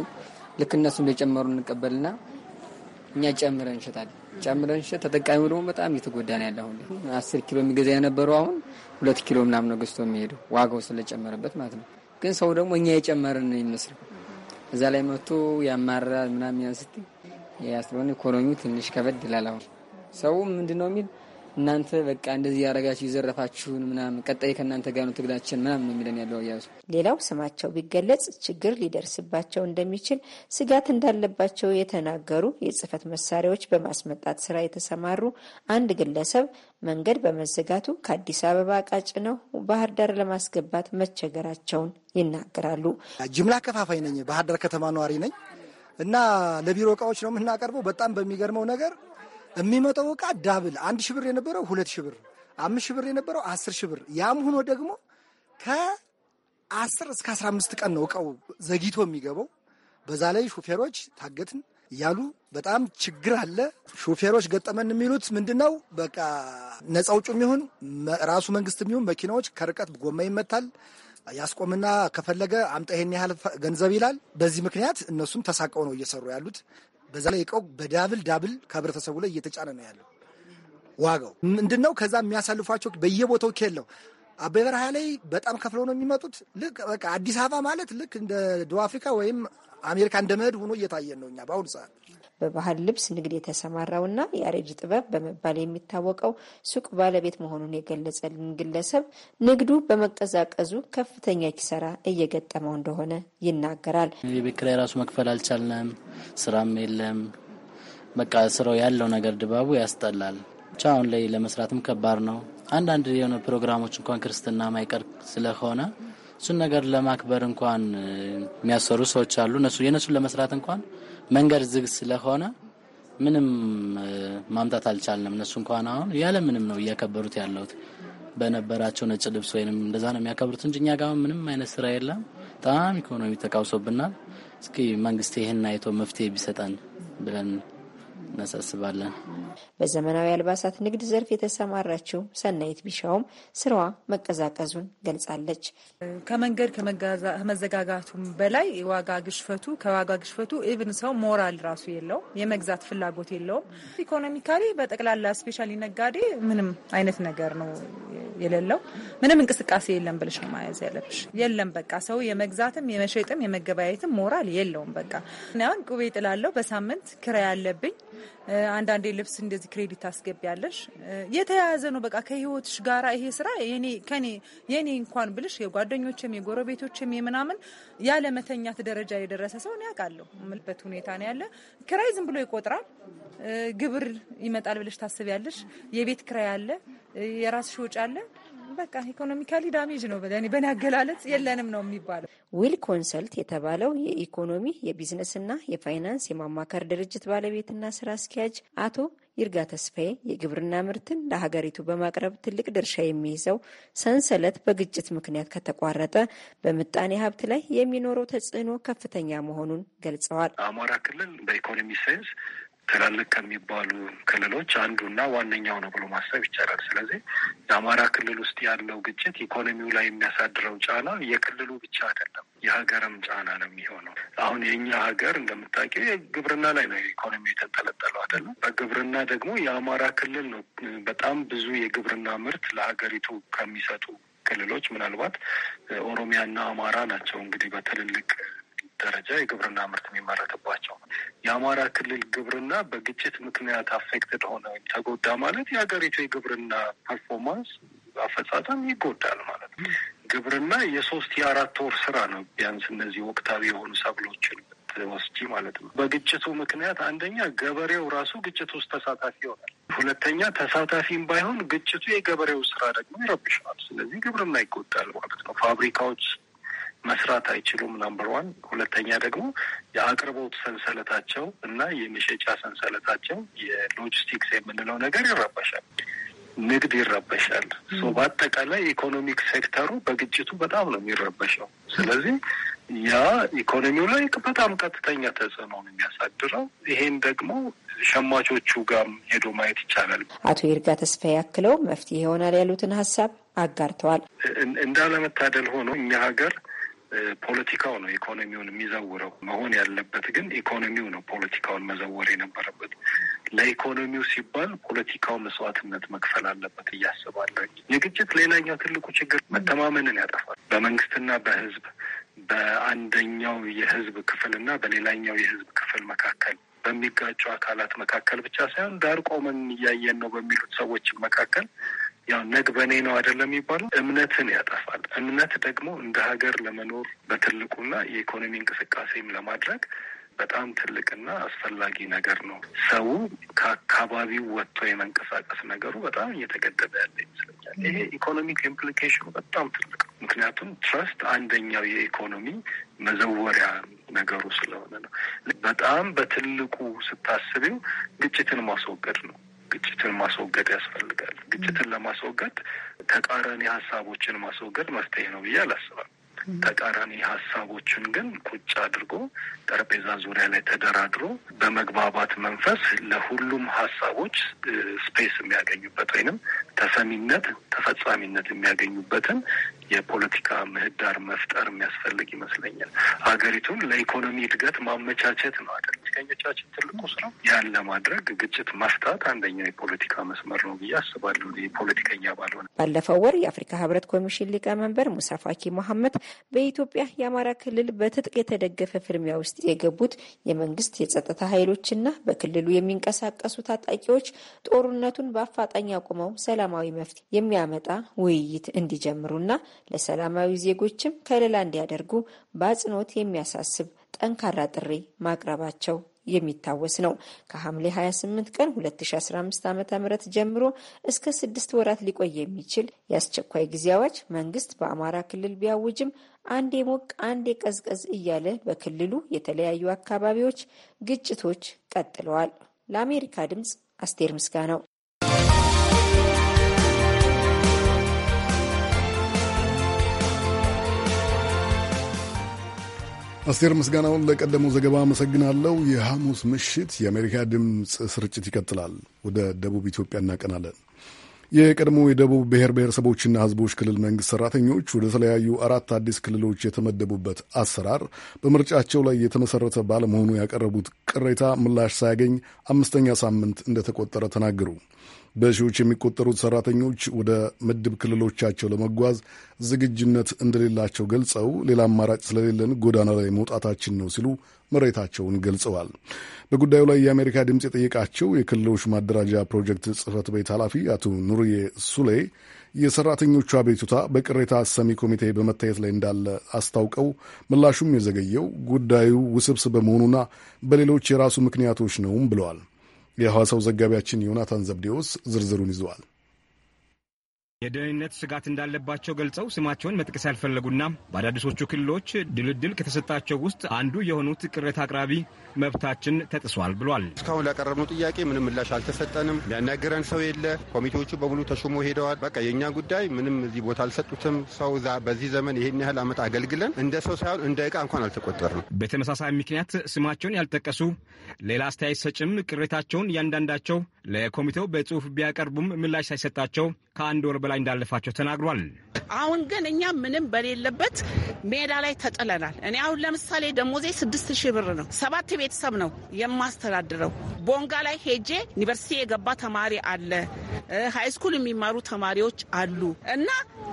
ልክ እነሱ እንደጨመሩ እንቀበልና እኛ ጨምረን እንሸጣለን። ጨምረን እንሸጥ ተጠቃሚው ደግሞ በጣም እየተጎዳ ነው ያለ። አሁን አስር ኪሎ የሚገዛ የነበረው አሁን ሁለት ኪሎ ምናምን ነው ገዝቶ የሚሄደው ዋጋው ስለጨመረበት ማለት ነው። ግን ሰው ደግሞ እኛ የጨመርን ይመስል እዛ ላይ መጥቶ ያማራል ምናምን ያን ስትይ ያ ኢኮኖሚው ትንሽ ከበድ ይላል። አሁን ሰው ምንድን ነው የሚል እናንተ በቃ እንደዚህ ያደረጋችሁ ይዘረፋችሁን ምናምን ቀጣይ ከእናንተ ጋር ነው ትግላችን ምናምን የሚለን ያለው አያያዙ። ሌላው ስማቸው ቢገለጽ ችግር ሊደርስባቸው እንደሚችል ስጋት እንዳለባቸው የተናገሩ የጽህፈት መሳሪያዎች በማስመጣት ስራ የተሰማሩ አንድ ግለሰብ መንገድ በመዘጋቱ ከአዲስ አበባ ነው ባህር ዳር ለማስገባት መቸገራቸውን ይናገራሉ። ጅምላ ከፋፋይ ነኝ፣ ባህር ዳር ከተማ ነዋሪ ነኝ እና ለቢሮ እቃዎች ነው የምናቀርበው። በጣም በሚገርመው ነገር የሚመጣው እቃ ዳብል አንድ ሺህ ብር የነበረው ሁለት ሺህ ብር፣ አምስት ሺህ ብር የነበረው አስር ሺህ ብር። ያም ሆኖ ደግሞ ከአስር እስከ አስራ አምስት ቀን ነው እቃው ዘግይቶ የሚገባው። በዛ ላይ ሹፌሮች ታገትን እያሉ በጣም ችግር አለ። ሹፌሮች ገጠመን የሚሉት ምንድን ነው? በቃ ነፃ ይሁን ራሱ መንግስት የሚሆን መኪናዎች ከርቀት ጎማ ይመታል ያስቆምና ከፈለገ አምጣ ይሄን ያህል ገንዘብ ይላል። በዚህ ምክንያት እነሱም ተሳቀው ነው እየሰሩ ያሉት። በዛ ላይ እቃው በዳብል ዳብል ከህብረተሰቡ ላይ እየተጫነ ነው ያለው ዋጋው ምንድን ነው። ከዛ የሚያሳልፏቸው በየቦታው ኬለው አበይ በረሃ ላይ በጣም ከፍለው ነው የሚመጡት። ልክ በቃ አዲስ አበባ ማለት ልክ እንደ ደቡብ አፍሪካ ወይም አሜሪካ እንደ መሄድ ሆኖ እየታየን ነው እኛ በአሁኑ ሰዓት በባህል ልብስ ንግድ የተሰማራውና የአሬጅ ጥበብ በመባል የሚታወቀው ሱቅ ባለቤት መሆኑን የገለጸልን ግለሰብ ንግዱ በመቀዛቀዙ ከፍተኛ ኪሰራ እየገጠመው እንደሆነ ይናገራል። የቤት ኪራይ ራሱ መክፈል አልቻልንም። ስራም የለም። በቃ ስራው ያለው ነገር ድባቡ ያስጠላል። ብቻ አሁን ላይ ለመስራትም ከባድ ነው። አንዳንድ የሆነ ፕሮግራሞች እንኳን ክርስትና ማይቀር ስለሆነ እሱን ነገር ለማክበር እንኳን የሚያሰሩ ሰዎች አሉ። እነሱ የእነሱን ለመስራት እንኳን መንገድ ዝግ ስለሆነ ምንም ማምጣት አልቻልንም። እነሱ እንኳን አሁን ያለ ምንም ነው እያከበሩት ያለሁት በነበራቸው ነጭ ልብስ ወይም እንደዛ ነው የሚያከብሩት እንጂ እኛ ጋር ምንም አይነት ስራ የለም። በጣም ኢኮኖሚ ተቃውሶብናል። እስኪ መንግስት ይህን አይቶ መፍትሄ ቢሰጠን ብለን እናሳስባለን። በዘመናዊ አልባሳት ንግድ ዘርፍ የተሰማራችው ሰናይት ቢሻውም ስራዋ መቀዛቀዙን ገልጻለች። ከመንገድ ከመዘጋጋቱም በላይ ዋጋ ግሽፈቱ ከዋጋ ግሽፈቱ ኢቭን ሰው ሞራል ራሱ የለውም፣ የመግዛት ፍላጎት የለውም። ኢኮኖሚካሊ በጠቅላላ ስፔሻሊ ነጋዴ ምንም አይነት ነገር ነው የሌለው። ምንም እንቅስቃሴ የለም ብለሽ ነው ማያዝ ያለብሽ። የለም በቃ ሰው የመግዛትም የመሸጥም የመገበያየትም ሞራል የለውም። በቃ አሁን ቁቤ ጥላለው በሳምንት ክራይ አለብኝ አንዳንዴ ልብስ እንደዚህ ክሬዲት ታስገቢያለሽ። የተያያዘ ነው በቃ ከህይወትሽ ጋራ ይሄ ስራ የኔ ከኔ የኔ እንኳን ብልሽ የጓደኞችም የጎረቤቶችም የምናምን ያለ መተኛት ደረጃ የደረሰ ሰው ያውቃለሁ ምልበት ሁኔታ ነው ያለ። ክራይ ዝም ብሎ ይቆጥራል። ግብር ይመጣል ብልሽ ታስቢያለሽ። የቤት ክራይ አለ፣ የራስሽ ወጪ አለ። በቃ ኢኮኖሚካሊ ዳሜጅ ነው በለ በኔ አገላለጽ የለንም ነው የሚባለው። ዊል ኮንሰልት የተባለው የኢኮኖሚ የቢዝነስና የፋይናንስ የማማከር ድርጅት ባለቤትና ስራ አስኪያጅ አቶ ይርጋ ተስፋዬ የግብርና ምርትን ለሀገሪቱ በማቅረብ ትልቅ ድርሻ የሚይዘው ሰንሰለት በግጭት ምክንያት ከተቋረጠ በምጣኔ ሀብት ላይ የሚኖረው ተጽዕኖ ከፍተኛ መሆኑን ገልጸዋል። አማራ ክልል በኢኮኖሚ ሳይንስ ትላልቅ ከሚባሉ ክልሎች አንዱና ዋነኛው ነው ብሎ ማሰብ ይቻላል። ስለዚህ የአማራ ክልል ውስጥ ያለው ግጭት ኢኮኖሚው ላይ የሚያሳድረው ጫና የክልሉ ብቻ አይደለም፣ የሀገርም ጫና ነው የሚሆነው። አሁን የእኛ ሀገር እንደምታውቂው ግብርና ላይ ነው ኢኮኖሚ የተንጠለጠለው አይደለም። በግብርና ደግሞ የአማራ ክልል ነው በጣም ብዙ የግብርና ምርት ለሀገሪቱ ከሚሰጡ ክልሎች ምናልባት ኦሮሚያና አማራ ናቸው እንግዲህ በትልልቅ ደረጃ የግብርና ምርት የሚመረትባቸው። የአማራ ክልል ግብርና በግጭት ምክንያት አፌክትድ ሆነ ወይም ተጎዳ ማለት የሀገሪቱ የግብርና ፐርፎርማንስ አፈጻጸም ይጎዳል ማለት ነው። ግብርና የሶስት የአራት ወር ስራ ነው ቢያንስ እነዚህ ወቅታዊ የሆኑ ሰብሎችን ወስጂ ማለት ነው። በግጭቱ ምክንያት አንደኛ ገበሬው ራሱ ግጭት ውስጥ ተሳታፊ ይሆናል። ሁለተኛ ተሳታፊም ባይሆን ግጭቱ የገበሬው ስራ ደግሞ ይረብሸዋል። ስለዚህ ግብርና ይጎዳል ማለት ነው። ፋብሪካዎች መስራት አይችሉም። ናምበር ዋን። ሁለተኛ ደግሞ የአቅርቦት ሰንሰለታቸው እና የመሸጫ ሰንሰለታቸው የሎጂስቲክስ የምንለው ነገር ይረበሻል። ንግድ ይረበሻል። ሶ በአጠቃላይ ኢኮኖሚክ ሴክተሩ በግጭቱ በጣም ነው የሚረበሸው። ስለዚህ ያ ኢኮኖሚው ላይ በጣም ቀጥተኛ ተጽዕኖ ነው የሚያሳድረው። ይሄን ደግሞ ሸማቾቹ ጋር ሄዶ ማየት ይቻላል። አቶ ይርጋ ተስፋ ያክለው መፍትሄ ይሆናል ያሉትን ሀሳብ አጋርተዋል። እንዳለመታደል ሆኖ እኛ ሀገር ፖለቲካው ነው ኢኮኖሚውን የሚዘውረው። መሆን ያለበት ግን ኢኮኖሚው ነው ፖለቲካውን መዘወር የነበረበት። ለኢኮኖሚው ሲባል ፖለቲካው መስዋዕትነት መክፈል አለበት እያስባለሁ። የግጭት ሌላኛው ትልቁ ችግር መተማመንን ያጠፋል። በመንግስትና በህዝብ በአንደኛው የህዝብ ክፍልና በሌላኛው የህዝብ ክፍል መካከል በሚጋጩ አካላት መካከል ብቻ ሳይሆን ዳር ቆመን እያየን ነው በሚሉት ሰዎች መካከል ያው ነግ በእኔ ነው አይደለም የሚባለው እምነትን ያጠፋል። እምነት ደግሞ እንደ ሀገር ለመኖር በትልቁና የኢኮኖሚ እንቅስቃሴም ለማድረግ በጣም ትልቅና አስፈላጊ ነገር ነው። ሰው ከአካባቢው ወጥቶ የመንቀሳቀስ ነገሩ በጣም እየተገደበ ያለ ይመስለኛል። ይሄ ኢኮኖሚክ ኢምፕሊኬሽኑ በጣም ትልቅ ነው። ምክንያቱም ትረስት አንደኛው የኢኮኖሚ መዘወሪያ ነገሩ ስለሆነ ነው። በጣም በትልቁ ስታስቢው ግጭትን ማስወገድ ነው። ግጭትን ማስወገድ ያስፈልጋል። ግጭትን ለማስወገድ ተቃራኒ ሀሳቦችን ማስወገድ መፍትሄ ነው ብዬ አላስባም። ተቃራኒ ሀሳቦችን ግን ቁጭ አድርጎ ጠረጴዛ ዙሪያ ላይ ተደራድሮ በመግባባት መንፈስ ለሁሉም ሀሳቦች ስፔስ የሚያገኙበት ወይንም ተሰሚነት፣ ተፈጻሚነት የሚያገኙበትን የፖለቲካ ምህዳር መፍጠር የሚያስፈልግ ይመስለኛል። ሀገሪቱን ለኢኮኖሚ እድገት ማመቻቸት ነው አይደል? ፖለቲከኞቻችን ትልቁ ስራ ያን ለማድረግ ግጭት መፍታት አንደኛው የፖለቲካ መስመር ነው ብዬ አስባለሁ። ፖለቲከኛ ባልሆነ ባለፈው ወር የአፍሪካ ህብረት ኮሚሽን ሊቀመንበር ሙሳ ፋኪ መሐመድ በኢትዮጵያ የአማራ ክልል በትጥቅ የተደገፈ ፍልሚያ ውስጥ የገቡት የመንግስት የጸጥታ ኃይሎችና በክልሉ የሚንቀሳቀሱ ታጣቂዎች ጦርነቱን በአፋጣኝ አቁመው ሰላማዊ መፍትሄ የሚያመጣ ውይይት እንዲጀምሩና ለሰላማዊ ዜጎችም ከለላ እንዲያደርጉ በአጽንኦት የሚያሳስብ ጠንካራ ጥሪ ማቅረባቸው የሚታወስ ነው። ከሐምሌ 28 ቀን 2015 ዓ ም ጀምሮ እስከ ስድስት ወራት ሊቆይ የሚችል የአስቸኳይ ጊዜ አዋጅ መንግስት በአማራ ክልል ቢያውጅም አንዴ ሞቅ አንዴ ቀዝቀዝ እያለ በክልሉ የተለያዩ አካባቢዎች ግጭቶች ቀጥለዋል። ለአሜሪካ ድምፅ አስቴር ምስጋ ነው። አስቴር ምስጋናውን ለቀደመው ዘገባ አመሰግናለሁ። የሐሙስ ምሽት የአሜሪካ ድምፅ ስርጭት ይቀጥላል። ወደ ደቡብ ኢትዮጵያ እናቀናለን። የቀድሞ የደቡብ ብሔር ብሔረሰቦችና ሕዝቦች ክልል መንግስት ሰራተኞች ወደ ተለያዩ አራት አዲስ ክልሎች የተመደቡበት አሰራር በምርጫቸው ላይ የተመሰረተ ባለመሆኑ ያቀረቡት ቅሬታ ምላሽ ሳያገኝ አምስተኛ ሳምንት እንደተቆጠረ ተናገሩ። በሺዎች የሚቆጠሩት ሰራተኞች ወደ ምድብ ክልሎቻቸው ለመጓዝ ዝግጁነት እንደሌላቸው ገልጸው ሌላ አማራጭ ስለሌለን ጎዳና ላይ መውጣታችን ነው ሲሉ መሬታቸውን ገልጸዋል። በጉዳዩ ላይ የአሜሪካ ድምፅ የጠየቃቸው የክልሎች ማደራጃ ፕሮጀክት ጽህፈት ቤት ኃላፊ አቶ ኑርዬ ሱሌ የሰራተኞቹ አቤቱታ በቅሬታ ሰሚ ኮሚቴ በመታየት ላይ እንዳለ አስታውቀው ምላሹም የዘገየው ጉዳዩ ውስብስብ በመሆኑና በሌሎች የራሱ ምክንያቶች ነውም ብለዋል። የሐዋሳው ዘጋቢያችን ዮናታን ዘብዴዎስ ዝርዝሩን ይዘዋል። የደህንነት ስጋት እንዳለባቸው ገልጸው ስማቸውን መጥቀስ ያልፈለጉና በአዳዲሶቹ ክልሎች ድልድል ከተሰጣቸው ውስጥ አንዱ የሆኑት ቅሬታ አቅራቢ መብታችን ተጥሷል ብሏል። እስካሁን ላቀረብነው ጥያቄ ምንም ምላሽ አልተሰጠንም። ያናገረን ሰው የለ። ኮሚቴዎቹ በሙሉ ተሾሞ ሄደዋል። በቃ የእኛ ጉዳይ ምንም እዚህ ቦታ አልሰጡትም። ሰው በዚህ ዘመን ይሄን ያህል ዓመት አገልግለን እንደ ሰው ሳይሆን እንደ እቃ እንኳን አልተቆጠርም። በተመሳሳይ ምክንያት ስማቸውን ያልጠቀሱ ሌላ አስተያየት ሰጭም ቅሬታቸውን እያንዳንዳቸው ለኮሚቴው በጽሁፍ ቢያቀርቡም ምላሽ ሳይሰጣቸው ከአንድ ወር በላይ እንዳለፋቸው ተናግሯል። አሁን ግን እኛ ምንም በሌለበት ሜዳ ላይ ተጥለናል። እኔ አሁን ለምሳሌ ደሞዜ ስድስት ሺህ ብር ነው። ሰባት ቤተሰብ ነው የማስተዳድረው። ቦንጋ ላይ ሄጄ ዩኒቨርሲቲ የገባ ተማሪ አለ፣ ሃይስኩል የሚማሩ ተማሪዎች አሉ። እና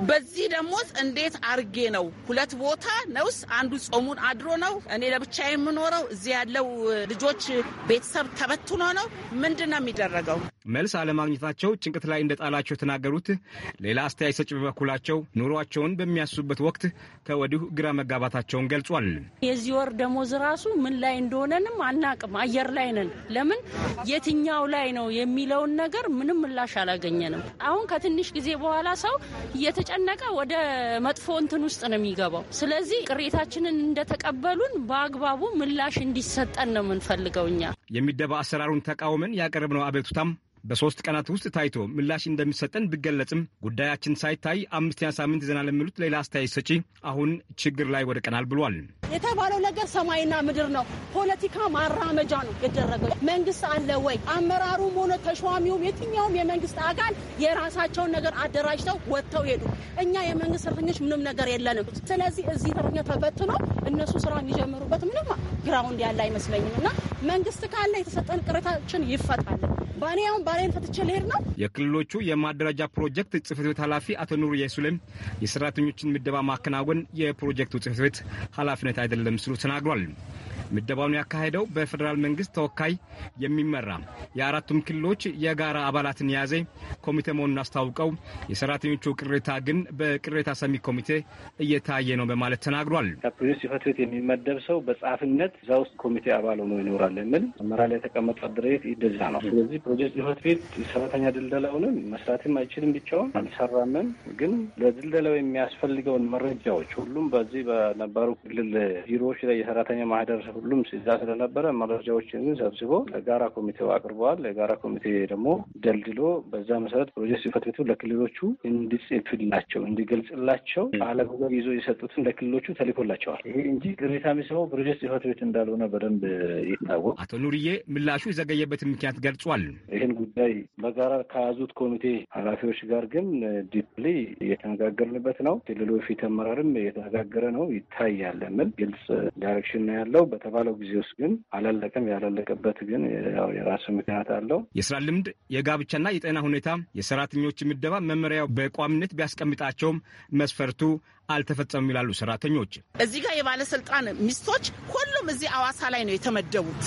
በዚህ ደሞዝ እንዴት አርጌ ነው ሁለት ቦታ ነውስ? አንዱ ጾሙን አድሮ ነው እኔ ለብቻ የምኖረው። እዚህ ያለው ልጆች ቤተሰብ ተበትኖ ነው። ምንድን ነው የሚደረገው? መልስ አለማግኘታቸው ጭንቀት ላይ እንደጣላቸው የተናገሩ የተናገሩት ሌላ አስተያየት ሰጭ በበኩላቸው ኑሯቸውን በሚያስሱበት ወቅት ከወዲሁ ግራ መጋባታቸውን ገልጿል። የዚህ ወር ደሞዝ ራሱ ምን ላይ እንደሆነንም አናቅም፣ አየር ላይ ነን። ለምን የትኛው ላይ ነው የሚለውን ነገር ምንም ምላሽ አላገኘንም። አሁን ከትንሽ ጊዜ በኋላ ሰው እየተጨነቀ ወደ መጥፎ እንትን ውስጥ ነው የሚገባው። ስለዚህ ቅሬታችንን እንደተቀበሉን በአግባቡ ምላሽ እንዲሰጠን ነው የምንፈልገው። እኛ የሚደባ አሰራሩን ተቃውመን ያቀረብነው አቤቱታም በሶስት ቀናት ውስጥ ታይቶ ምላሽ እንደሚሰጠን ቢገለጽም ጉዳያችን ሳይታይ አምስተኛ ሳምንት ይዘናል የሚሉት ሌላ አስተያየት ሰጪ አሁን ችግር ላይ ወድቀናል ብሏል። የተባለው ነገር ሰማይና ምድር ነው። ፖለቲካ ማራመጃ ነው የደረገው። መንግስት አለ ወይ? አመራሩም ሆነ ተሿሚውም የትኛውም የመንግስት አካል የራሳቸውን ነገር አደራጅተው ወጥተው ሄዱ። እኛ የመንግስት ሰራተኞች ምንም ነገር የለንም። ስለዚህ እዚህ ተኛ ተበትኖ እነሱ ስራ የሚጀምሩበት ምንም ግራውንድ ያለ አይመስለኝም እና መንግስት ካለ የተሰጠን ቅሬታችን ይፈታል። ባኔ አሁን ባኔን ፈትቼ ልሄድ ነው። የክልሎቹ የማደራጃ ፕሮጀክት ጽህፈት ቤት ኃላፊ አቶ ኑር የሱሌም የሰራተኞችን ምደባ ማከናወን የፕሮጀክቱ ጽህፈት ቤት ኃላፊነት አይደለም ስሉ ተናግሯል። ምደባውን ያካሄደው በፌዴራል መንግስት ተወካይ የሚመራ የአራቱም ክልሎች የጋራ አባላትን የያዘ ኮሚቴ መሆኑን አስታውቀው የሰራተኞቹ ቅሬታ ግን በቅሬታ ሰሚ ኮሚቴ እየታየ ነው በማለት ተናግሯል። ከፕሪስ ጽህፈት ቤት የሚመደብ ሰው በጸሐፊነት እዛ ውስጥ ኮሚቴ አባል ሆኖ ይኖራል የሚል አመራር ላይ የተቀመጠ ድሬት ይደዛ ነው። ስለዚህ ፕሮጀክት ጽህፈት ቤት ሰራተኛ ድልደላውንም መስራትም አይችልም፣ ብቻውን አልሰራምም። ግን ለድልደላው የሚያስፈልገውን መረጃዎች ሁሉም በዚህ በነባሩ ክልል ቢሮዎች ላይ የሰራተኛ ማህደር ሁሉም እዛ ስለነበረ መረጃዎችን ሰብስቦ ለጋራ ኮሚቴው አቅርበዋል። ለጋራ ኮሚቴ ደግሞ ደልድሎ በዛ መሰረት ፕሮጀክት ጽህፈት ቤቱ ለክልሎቹ እንዲጽፍላቸው እንዲገልጽላቸው አለጉገብ ይዞ የሰጡትን ለክልሎቹ ተልኮላቸዋል። ይሄ እንጂ ቅሬታ የሚስበው ፕሮጀክት ጽህፈት ቤት እንዳልሆነ በደንብ ይታወቅ። አቶ ኑርዬ ምላሹ የዘገየበትን ምክንያት ገልጿል። ይህን ጉዳይ በጋራ ከያዙት ኮሚቴ ኃላፊዎች ጋር ግን ዲፕሊ እየተነጋገርንበት ነው። ክልሉ ፊት አመራርም እየተነጋገረ ነው ይታያል የሚል ግልጽ ዳይሬክሽን ነው ያለው። በተባለው ጊዜ ውስጥ ግን አላለቀም። ያላለቀበት ግን ያው የራሱ ምክንያት አለው። የስራ ልምድ፣ የጋብቻና የጤና ሁኔታ የሰራተኞች ምደባ መመሪያው በቋሚነት ቢያስቀምጣቸውም መስፈርቱ አልተፈጸሙም ይላሉ ሰራተኞች። እዚህ ጋር የባለስልጣን ሚስቶች ሁሉም እዚህ አዋሳ ላይ ነው የተመደቡት።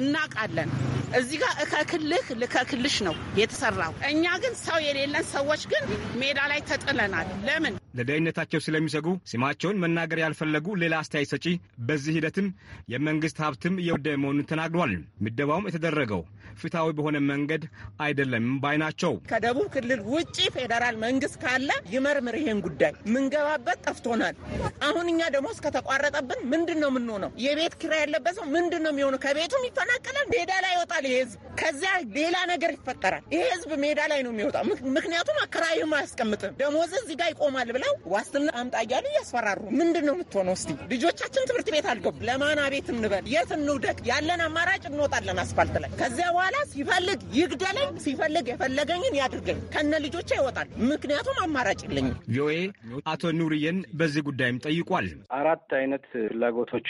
እናውቃለን። እዚህ ጋር እከክልህ ልከክልሽ ነው የተሰራው። እኛ ግን ሰው የሌለን ሰዎች ግን ሜዳ ላይ ተጥለናል። ለምን? ለደህንነታቸው ስለሚሰጉ ስማቸውን መናገር ያልፈለጉ ሌላ አስተያየት ሰጪ በዚህ ሂደትም የመንግስት ሀብትም እየወደ መሆኑን ተናግሯል። ምደባውም የተደረገው ፍትሐዊ በሆነ መንገድ አይደለም ባይ ናቸው። ከደቡብ ክልል ውጭ ፌዴራል መንግስት ካለ ይመርምር ይህን ጉዳይ። ምንገባበት ጠፍቶናል። አሁን እኛ ደሞዝ ከተቋረጠብን ምንድን ነው የምንሆነው? የቤት ኪራይ ያለበት ሰው ምንድን ነው የሚሆነው? ከቤቱም ይፈናቀላል፣ ሜዳ ላይ ይወጣል። ይህ ህዝብ ከዚያ ሌላ ነገር ይፈጠራል። ይህ ህዝብ ሜዳ ላይ ነው የሚወጣው። ምክንያቱም አከራይም አያስቀምጥም። ደሞዝ እዚህ ጋር ይቆማል ብለው ዋስትና አምጣ እያሉ እያስፈራሩ ምንድን ነው የምትሆነው? እስቲ ልጆቻችን ትምህርት ቤት አልገቡ፣ ለማና ቤት እንበል፣ የት እንውደቅ? ያለን አማራጭ እንወጣለን አስፋልት ላይ። ከዚያ በኋላ ሲፈልግ ይግደለኝ፣ ሲፈልግ የፈለገኝን ያድርገኝ፣ ከነ ልጆቼ ይወጣል። ምክንያቱም አማራጭ የለኝም። ቪኦኤ አቶ ኑርዬ ሚሊየን በዚህ ጉዳይም ጠይቋል። አራት አይነት ፍላጎቶች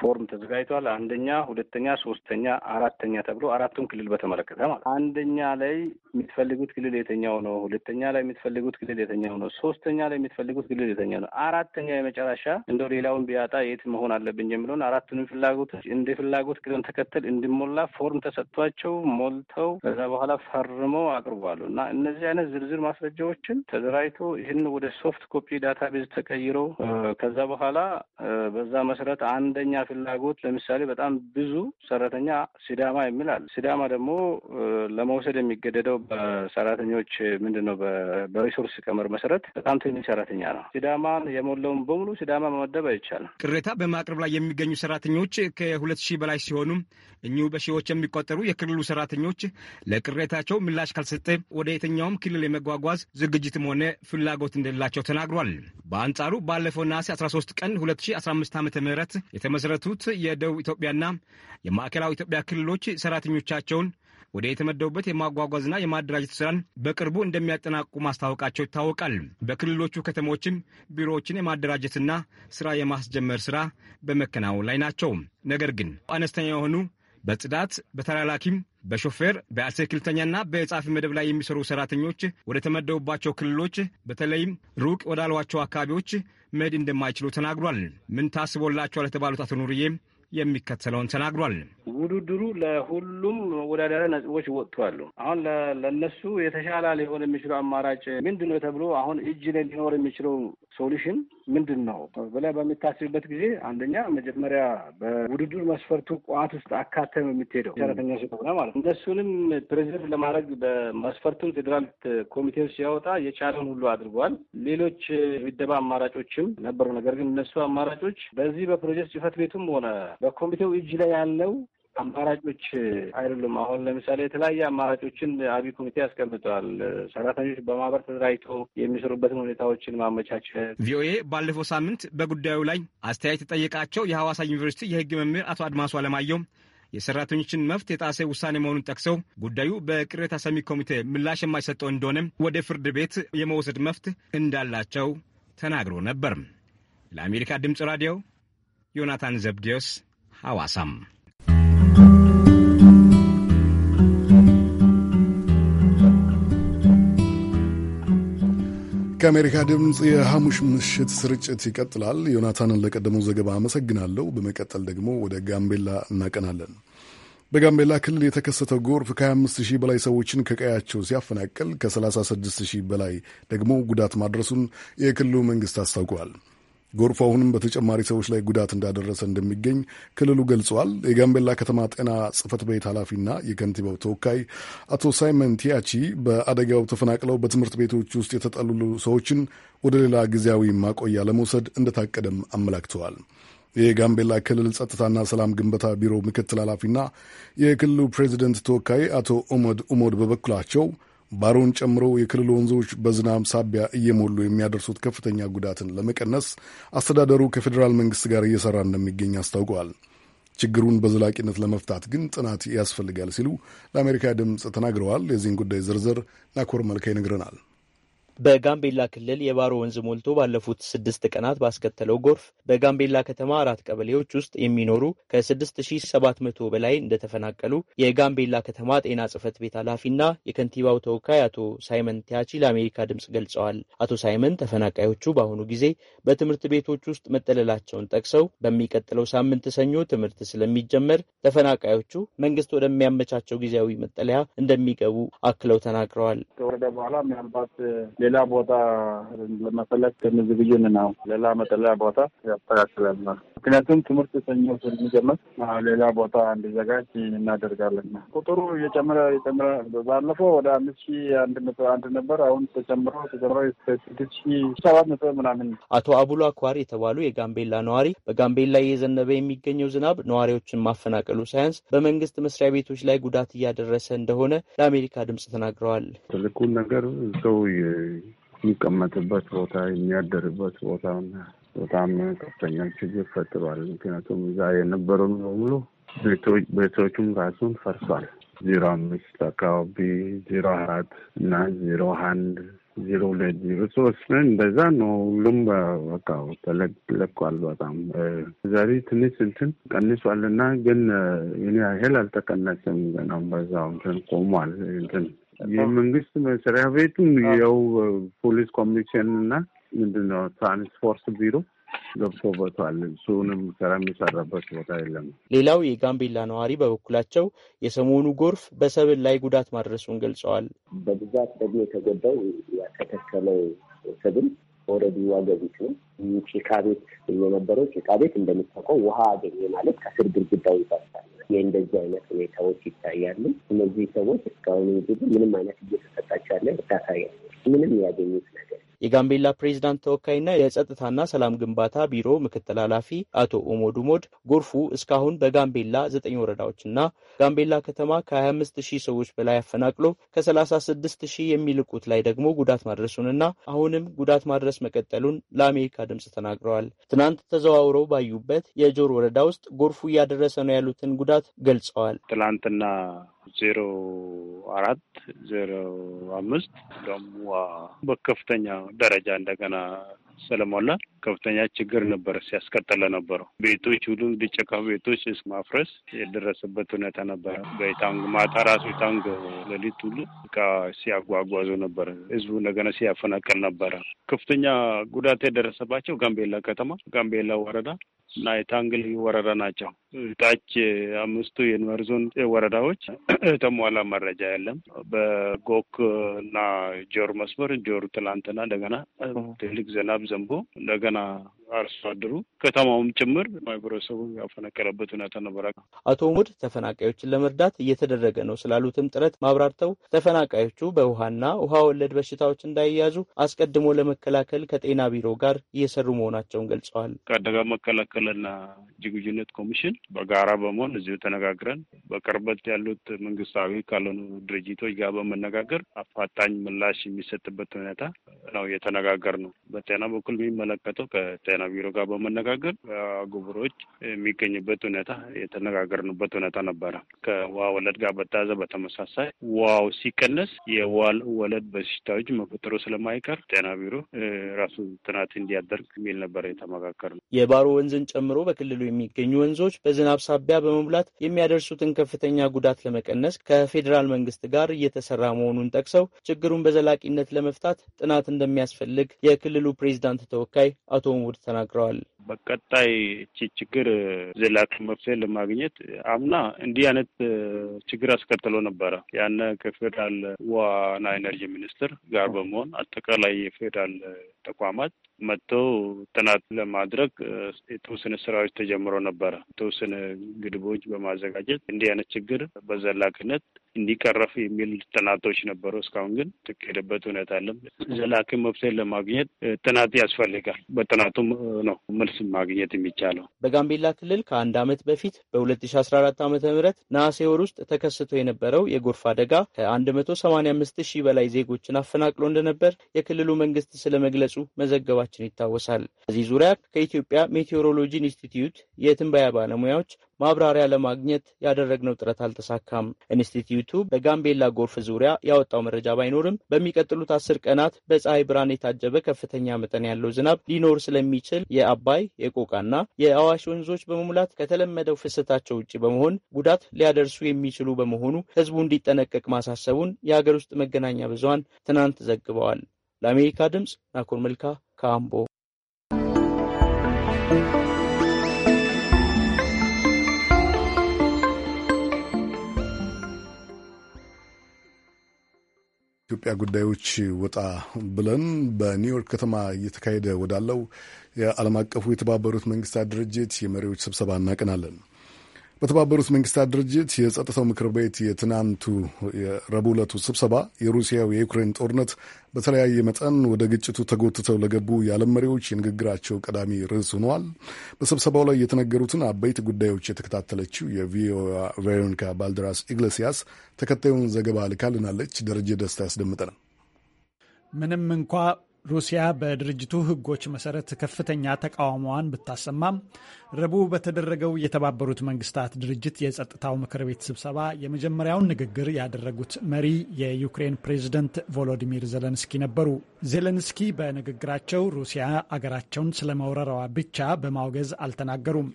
ፎርም ተዘጋጅተዋል። አንደኛ፣ ሁለተኛ፣ ሶስተኛ፣ አራተኛ ተብሎ አራቱን ክልል በተመለከተ ማለት አንደኛ ላይ የምትፈልጉት ክልል የተኛው ነው፣ ሁለተኛ ላይ የምትፈልጉት ክልል የተኛው ነው፣ ሶስተኛ ላይ የምትፈልጉት ክልል የተኛው ነው፣ አራተኛ የመጨረሻ እንደው ሌላውን ቢያጣ የት መሆን አለብኝ የሚለውን አራቱንም ፍላጎቶች እንደ ፍላጎት ቅደም ተከተል እንዲሞላ ፎርም ተሰጥቷቸው ሞልተው ከዛ በኋላ ፈርመው አቅርቧሉ እና እነዚህ አይነት ዝርዝር ማስረጃዎችን ተደራጅቶ ይህን ወደ ሶፍት ኮፒ ዳታቤዝ ተቀይሮ ከዛ በኋላ በዛ መሰረት አንደኛ ፍላጎት ለምሳሌ በጣም ብዙ ሰራተኛ ሲዳማ የሚል አለ። ሲዳማ ደግሞ ለመውሰድ የሚገደደው በሰራተኞች ምንድን ነው በሪሶርስ ቀመር መሰረት በጣም ትንሽ ሰራተኛ ነው። ሲዳማን የሞላውን በሙሉ ሲዳማ መመደብ አይቻልም። ቅሬታ በማቅረብ ላይ የሚገኙ ሰራተኞች ከሁለት ሺህ በላይ ሲሆኑ እኚሁ በሺዎች የሚቆጠሩ የክልሉ ሰራተኞች ለቅሬታቸው ምላሽ ካልሰጠ ወደ የትኛውም ክልል የመጓጓዝ ዝግጅትም ሆነ ፍላጎት እንደሌላቸው ተናግሯል። በአንጻሩ ባለፈው ነሐሴ 13 ቀን 2015 ዓ ም የተመሠረቱት የደቡብ ኢትዮጵያና የማዕከላዊ ኢትዮጵያ ክልሎች ሰራተኞቻቸውን ወደ የተመደቡበት የማጓጓዝና የማደራጀት ስራን በቅርቡ እንደሚያጠናቁ ማስታወቃቸው ይታወቃል። በክልሎቹ ከተሞችም ቢሮዎችን የማደራጀትና ስራ የማስጀመር ስራ በመከናወን ላይ ናቸው። ነገር ግን አነስተኛ የሆኑ በጽዳት በተላላኪም በሾፌር በአትክልተኛና በጻፊ መደብ ላይ የሚሰሩ ሰራተኞች ወደ ተመደቡባቸው ክልሎች በተለይም ሩቅ ወዳሏቸው አካባቢዎች መሄድ እንደማይችሉ ተናግሯል። ምን ታስቦላቸዋል የተባሉት አቶ ኑርዬ የሚከተለውን ተናግሯል። ውድድሩ ለሁሉም መወዳደሪያ ነጥቦች ወጥቷሉ። አሁን ለነሱ የተሻለ ሊሆን የሚችለው አማራጭ ምንድን ነው ተብሎ አሁን እጅ ላይ ሊኖር የሚችለው ሶሉሽን ምንድን ነው ብለህ በሚታስብበት ጊዜ አንደኛ መጀመሪያ በውድድር መስፈርቱ ቋት ውስጥ አካተ ነው የምትሄደው ሰራተኛ ስለሆነ ማለት ነው። እነሱንም ፕሬዚደንት ለማድረግ በመስፈርቱን ፌዴራል ኮሚቴ ሲያወጣ የቻለውን ሁሉ አድርጓል። ሌሎች የሚደባ አማራጮችም ነበሩ። ነገር ግን እነሱ አማራጮች በዚህ በፕሮጀክት ጽህፈት ቤቱም ሆነ በኮሚቴው እጅ ላይ ያለው አማራጮች አይደሉም። አሁን ለምሳሌ የተለያየ አማራጮችን አብይ ኮሚቴ ያስቀምጠዋል። ሰራተኞች በማህበር ተደራጅቶ የሚሰሩበትን ሁኔታዎችን ማመቻቸት። ቪኦኤ ባለፈው ሳምንት በጉዳዩ ላይ አስተያየት የጠየቃቸው የሐዋሳ ዩኒቨርሲቲ የህግ መምህር አቶ አድማሱ አለማየሁ የሰራተኞችን መብት የጣሰ ውሳኔ መሆኑን ጠቅሰው ጉዳዩ በቅሬታ ሰሚ ኮሚቴ ምላሽ የማይሰጠው እንደሆነ ወደ ፍርድ ቤት የመውሰድ መብት እንዳላቸው ተናግሮ ነበር። ለአሜሪካ ድምፅ ራዲዮ ዮናታን ዘብዴዎስ ሐዋሳም ከአሜሪካ ድምፅ የሐሙሽ ምሽት ስርጭት ይቀጥላል። ዮናታንን ለቀደመው ዘገባ አመሰግናለሁ። በመቀጠል ደግሞ ወደ ጋምቤላ እናቀናለን። በጋምቤላ ክልል የተከሰተው ጎርፍ ከ25 ሺህ በላይ ሰዎችን ከቀያቸው ሲያፈናቅል ከ36 ሺህ በላይ ደግሞ ጉዳት ማድረሱን የክልሉ መንግሥት አስታውቀዋል። ጎርፉ አሁንም በተጨማሪ ሰዎች ላይ ጉዳት እንዳደረሰ እንደሚገኝ ክልሉ ገልጿል። የጋምቤላ ከተማ ጤና ጽህፈት ቤት ኃላፊና የከንቲባው ተወካይ አቶ ሳይመን ቲያቺ በአደጋው ተፈናቅለው በትምህርት ቤቶች ውስጥ የተጠለሉ ሰዎችን ወደ ሌላ ጊዜያዊ ማቆያ ለመውሰድ እንደታቀደም አመላክተዋል። የጋምቤላ ክልል ጸጥታና ሰላም ግንባታ ቢሮ ምክትል ኃላፊና የክልሉ ፕሬዚደንት ተወካይ አቶ ኡመድ ኡሞድ በበኩላቸው ባሮን ጨምሮ የክልል ወንዞች በዝናብ ሳቢያ እየሞሉ የሚያደርሱት ከፍተኛ ጉዳትን ለመቀነስ አስተዳደሩ ከፌዴራል መንግስት ጋር እየሰራ እንደሚገኝ አስታውቀዋል። ችግሩን በዘላቂነት ለመፍታት ግን ጥናት ያስፈልጋል ሲሉ ለአሜሪካ ድምፅ ተናግረዋል። የዚህን ጉዳይ ዝርዝር ናኮር መልካ ይነግረናል። በጋምቤላ ክልል የባሮ ወንዝ ሞልቶ ባለፉት ስድስት ቀናት ባስከተለው ጎርፍ በጋምቤላ ከተማ አራት ቀበሌዎች ውስጥ የሚኖሩ ከ6700 በላይ እንደተፈናቀሉ የጋምቤላ ከተማ ጤና ጽህፈት ቤት ኃላፊና የከንቲባው ተወካይ አቶ ሳይመን ቲያቺ ለአሜሪካ ድምፅ ገልጸዋል። አቶ ሳይመን ተፈናቃዮቹ በአሁኑ ጊዜ በትምህርት ቤቶች ውስጥ መጠለላቸውን ጠቅሰው በሚቀጥለው ሳምንት ሰኞ ትምህርት ስለሚጀመር ተፈናቃዮቹ መንግስት ወደሚያመቻቸው ጊዜያዊ መጠለያ እንደሚገቡ አክለው ተናግረዋል። ከወረደ በኋላ ምናልባት ሌላ ቦታ ለመፈለግ ከምዝግዩ ዝግጁ ነው። ሌላ መጠለያ ቦታ ያስተካክላል። ምክንያቱም ትምህርት ሰኞ ስለሚጀምር ሌላ ቦታ እንዲዘጋጅ እናደርጋለን። ቁጥሩ እየጨመረ እየጨመረ ባለፈው ወደ አምስት ሺ አንድ መቶ አንድ ነበር። አሁን ተጨምሮ ተጨምሮ ስድስት ሺ ሰባት መቶ ምናምን። አቶ አቡሉ አኳሪ የተባሉ የጋምቤላ ነዋሪ በጋምቤላ እየዘነበ የሚገኘው ዝናብ ነዋሪዎችን ማፈናቀሉ ሳያንስ በመንግስት መስሪያ ቤቶች ላይ ጉዳት እያደረሰ እንደሆነ ለአሜሪካ ድምጽ ተናግረዋል። ትልቁን ነገር ሰው የሚቀመጥበት ቦታ የሚያደርበት ቦታ በጣም ከፍተኛ ችግር ፈጥሯል። ምክንያቱም እዛ የነበረው በሙሉ ቤቶቹም ራሱን ፈርሷል። ዜሮ አምስት አካባቢ ዜሮ አራት እና ዜሮ አንድ ዜሮ ሁለት ዜሮ ሶስት ነን። እንደዛ ነው። ሁሉም በቃ ተለቋል። በጣም ዛሬ ትንሽ እንትን ቀንሷል እና ግን ይህን ያህል አልተቀነስም። ገና በዛው እንትን ቆሟል እንትን የመንግስት መስሪያ ቤቱ ያው ፖሊስ ኮሚሽን እና ምንድን ነው ትራንስፖርት ቢሮ ገብቶበታል። እሱንም ስራ የሚሰራበት ቦታ የለም። ሌላው የጋምቤላ ነዋሪ በበኩላቸው የሰሞኑ ጎርፍ በሰብል ላይ ጉዳት ማድረሱን ገልጸዋል። በብዛት ደግሞ የተጎዳው ያተከከለው ሰብል ኦልሬዲ ዋገቢት ነው። ጭቃ ቤት የነበረው ጭቃ ቤት እንደሚታውቀው ውሃ አገኘ ማለት ከስር ግድግዳው ይፈርሳል። የእንደዚህ አይነት ሁኔታዎች ይታያሉ። እነዚህ ሰዎች እስካሁን እንግዲህ ምንም አይነት እየተሰጣቸው ያለ እርዳታ ምንም ያገኙት ነገር የጋምቤላ ፕሬዚዳንት ተወካይና የጸጥታና ሰላም ግንባታ ቢሮ ምክትል ኃላፊ አቶ ኡሞድ ኡሞድ ጎርፉ እስካሁን በጋምቤላ ዘጠኝ ወረዳዎችና ጋምቤላ ከተማ ከ25 ሺህ ሰዎች በላይ አፈናቅሎ ከ36 ሺህ የሚልቁት ላይ ደግሞ ጉዳት ማድረሱንና አሁንም ጉዳት ማድረስ መቀጠሉን ለአሜሪካ ድምፅ ተናግረዋል። ትናንት ተዘዋውረው ባዩበት የጆር ወረዳ ውስጥ ጎርፉ እያደረሰ ነው ያሉትን ጉዳት ገልጸዋል። ትላንትና ዜሮ አራት ዜሮ አምስት ደግሞ በከፍተኛ ደረጃ እንደገና ስለሞላ ከፍተኛ ችግር ነበረ ሲያስቀጠለ ነበረው። ቤቶች ሁሉ ጭቃ ቤቶች ማፍረስ የደረሰበት ሁኔታ ነበረ። በታንግ ማታ ራሱ ታንግ ሌሊት ሁሉ እቃ ሲያጓጓዙ ነበረ። ህዝቡ እንደገና ሲያፈናቀል ነበረ። ከፍተኛ ጉዳት የደረሰባቸው ጋምቤላ ከተማ፣ ጋምቤላ ወረዳ እና የታንግ ልዩ ወረዳ ናቸው። ታች አምስቱ የኑዌር ዞን ወረዳዎች የተሟላ መረጃ የለም። በጎክ እና ጆር መስመር ጆር ትላንትና እንደገና ትልቅ ዝናብ ዘንቦ እንደገና አርሶ አደሩ ከተማውም ጭምር ማህበረሰቡ ያፈነቀለበት ሁኔታ ነበረ። አቶ ሙድ ተፈናቃዮችን ለመርዳት እየተደረገ ነው ስላሉትም ጥረት ማብራርተው ተፈናቃዮቹ በውሃና ውሃ ወለድ በሽታዎች እንዳይያዙ አስቀድሞ ለመከላከል ከጤና ቢሮ ጋር እየሰሩ መሆናቸውን ገልጸዋል። ከአደጋ መከላከልና ዝግጁነት ኮሚሽን በጋራ በመሆን እዚሁ ተነጋግረን በቅርበት ያሉት መንግስታዊ ካልሆኑ ድርጅቶች ጋር በመነጋገር አፋጣኝ ምላሽ የሚሰጥበት ሁኔታ ነው እየተነጋገር ነው በጤና በኩል የሚመለከተው ከጤና ቢሮ ጋር በመነጋገር ጉብሮች የሚገኝበት ሁኔታ የተነጋገርንበት ሁኔታ ነበረ። ከውሃ ወለድ ጋር በተያዘ በተመሳሳይ ውሃው ሲቀነስ የውሃ ወለድ በሽታዎች መፈጠሩ ስለማይቀር ጤና ቢሮ ራሱ ጥናት እንዲያደርግ የሚል ነበረ የተመካከር ነው። የባሮ ወንዝን ጨምሮ በክልሉ የሚገኙ ወንዞች በዝናብ ሳቢያ በመሙላት የሚያደርሱትን ከፍተኛ ጉዳት ለመቀነስ ከፌዴራል መንግስት ጋር እየተሰራ መሆኑን ጠቅሰው ችግሩን በዘላቂነት ለመፍታት ጥናት እንደሚያስፈልግ የክልሉ ፕሬዚዳንት ፕሬዚዳንት ተወካይ አቶ ሙድ ተናግረዋል። በቀጣይ ቺ ችግር ዘላቂ መፍትሄ ለማግኘት አምና እንዲህ አይነት ችግር አስከትሎ ነበረ። ያነ ከፌዴራል ዋና ኤነርጂ ሚኒስትር ጋር በመሆን አጠቃላይ የፌዴራል ተቋማት መጥተው ጥናት ለማድረግ የተወሰነ ስራዎች ተጀምሮ ነበረ። የተወሰነ ግድቦች በማዘጋጀት እንዲህ አይነት ችግር በዘላቂነት እንዲቀረፍ የሚል ጥናቶች ነበሩ። እስካሁን ግን የተካሄደበት ሁኔታ አለም። ዘላቂ መፍትሄ ለማግኘት ጥናት ያስፈልጋል። በጥናቱም ነው መልስ ማግኘት የሚቻለው። በጋምቤላ ክልል ከአንድ ዓመት በፊት በ2014 ዓ ም ነሐሴ ወር ውስጥ ተከስቶ የነበረው የጎርፍ አደጋ ከ185 ሺህ በላይ ዜጎችን አፈናቅሎ እንደነበር የክልሉ መንግስት ስለመግለጹ መዘገባል መዘገባችን ይታወሳል። በዚህ ዙሪያ ከኢትዮጵያ ሜቴዎሮሎጂ ኢንስቲትዩት የትንበያ ባለሙያዎች ማብራሪያ ለማግኘት ያደረግነው ጥረት አልተሳካም። ኢንስቲትዩቱ በጋምቤላ ጎርፍ ዙሪያ ያወጣው መረጃ ባይኖርም በሚቀጥሉት አስር ቀናት በፀሐይ ብርሃን የታጀበ ከፍተኛ መጠን ያለው ዝናብ ሊኖር ስለሚችል የአባይ የቆቃና የአዋሽ ወንዞች በመሙላት ከተለመደው ፍሰታቸው ውጭ በመሆን ጉዳት ሊያደርሱ የሚችሉ በመሆኑ ሕዝቡ እንዲጠነቀቅ ማሳሰቡን የሀገር ውስጥ መገናኛ ብዙሃን ትናንት ዘግበዋል። ለአሜሪካ ድምፅ ናኮር መልካ ካምቦ። ኢትዮጵያ ጉዳዮች ወጣ ብለን በኒውዮርክ ከተማ እየተካሄደ ወዳለው የዓለም አቀፉ የተባበሩት መንግስታት ድርጅት የመሪዎች ስብሰባ እናቀናለን። በተባበሩት መንግስታት ድርጅት የጸጥታው ምክር ቤት የትናንቱ የረቡዕ ዕለቱ ስብሰባ የሩሲያው የዩክሬን ጦርነት በተለያየ መጠን ወደ ግጭቱ ተጎትተው ለገቡ የዓለም መሪዎች የንግግራቸው ቀዳሚ ርዕስ ሆነዋል። በስብሰባው ላይ የተነገሩትን አበይት ጉዳዮች የተከታተለችው የቪኦኤ ቬሮኒካ ባልደራስ ኢግሌሲያስ ተከታዩን ዘገባ ልካልናለች። ደረጀ ደስታ ያስደምጠናል። ምንም እንኳ ሩሲያ በድርጅቱ ሕጎች መሰረት ከፍተኛ ተቃውሞዋን ብታሰማም ረቡዕ በተደረገው የተባበሩት መንግስታት ድርጅት የጸጥታው ምክር ቤት ስብሰባ የመጀመሪያውን ንግግር ያደረጉት መሪ የዩክሬን ፕሬዝደንት ቮሎዲሚር ዜሌንስኪ ነበሩ። ዜሌንስኪ በንግግራቸው ሩሲያ አገራቸውን ስለመውረሯ ብቻ በማውገዝ አልተናገሩም።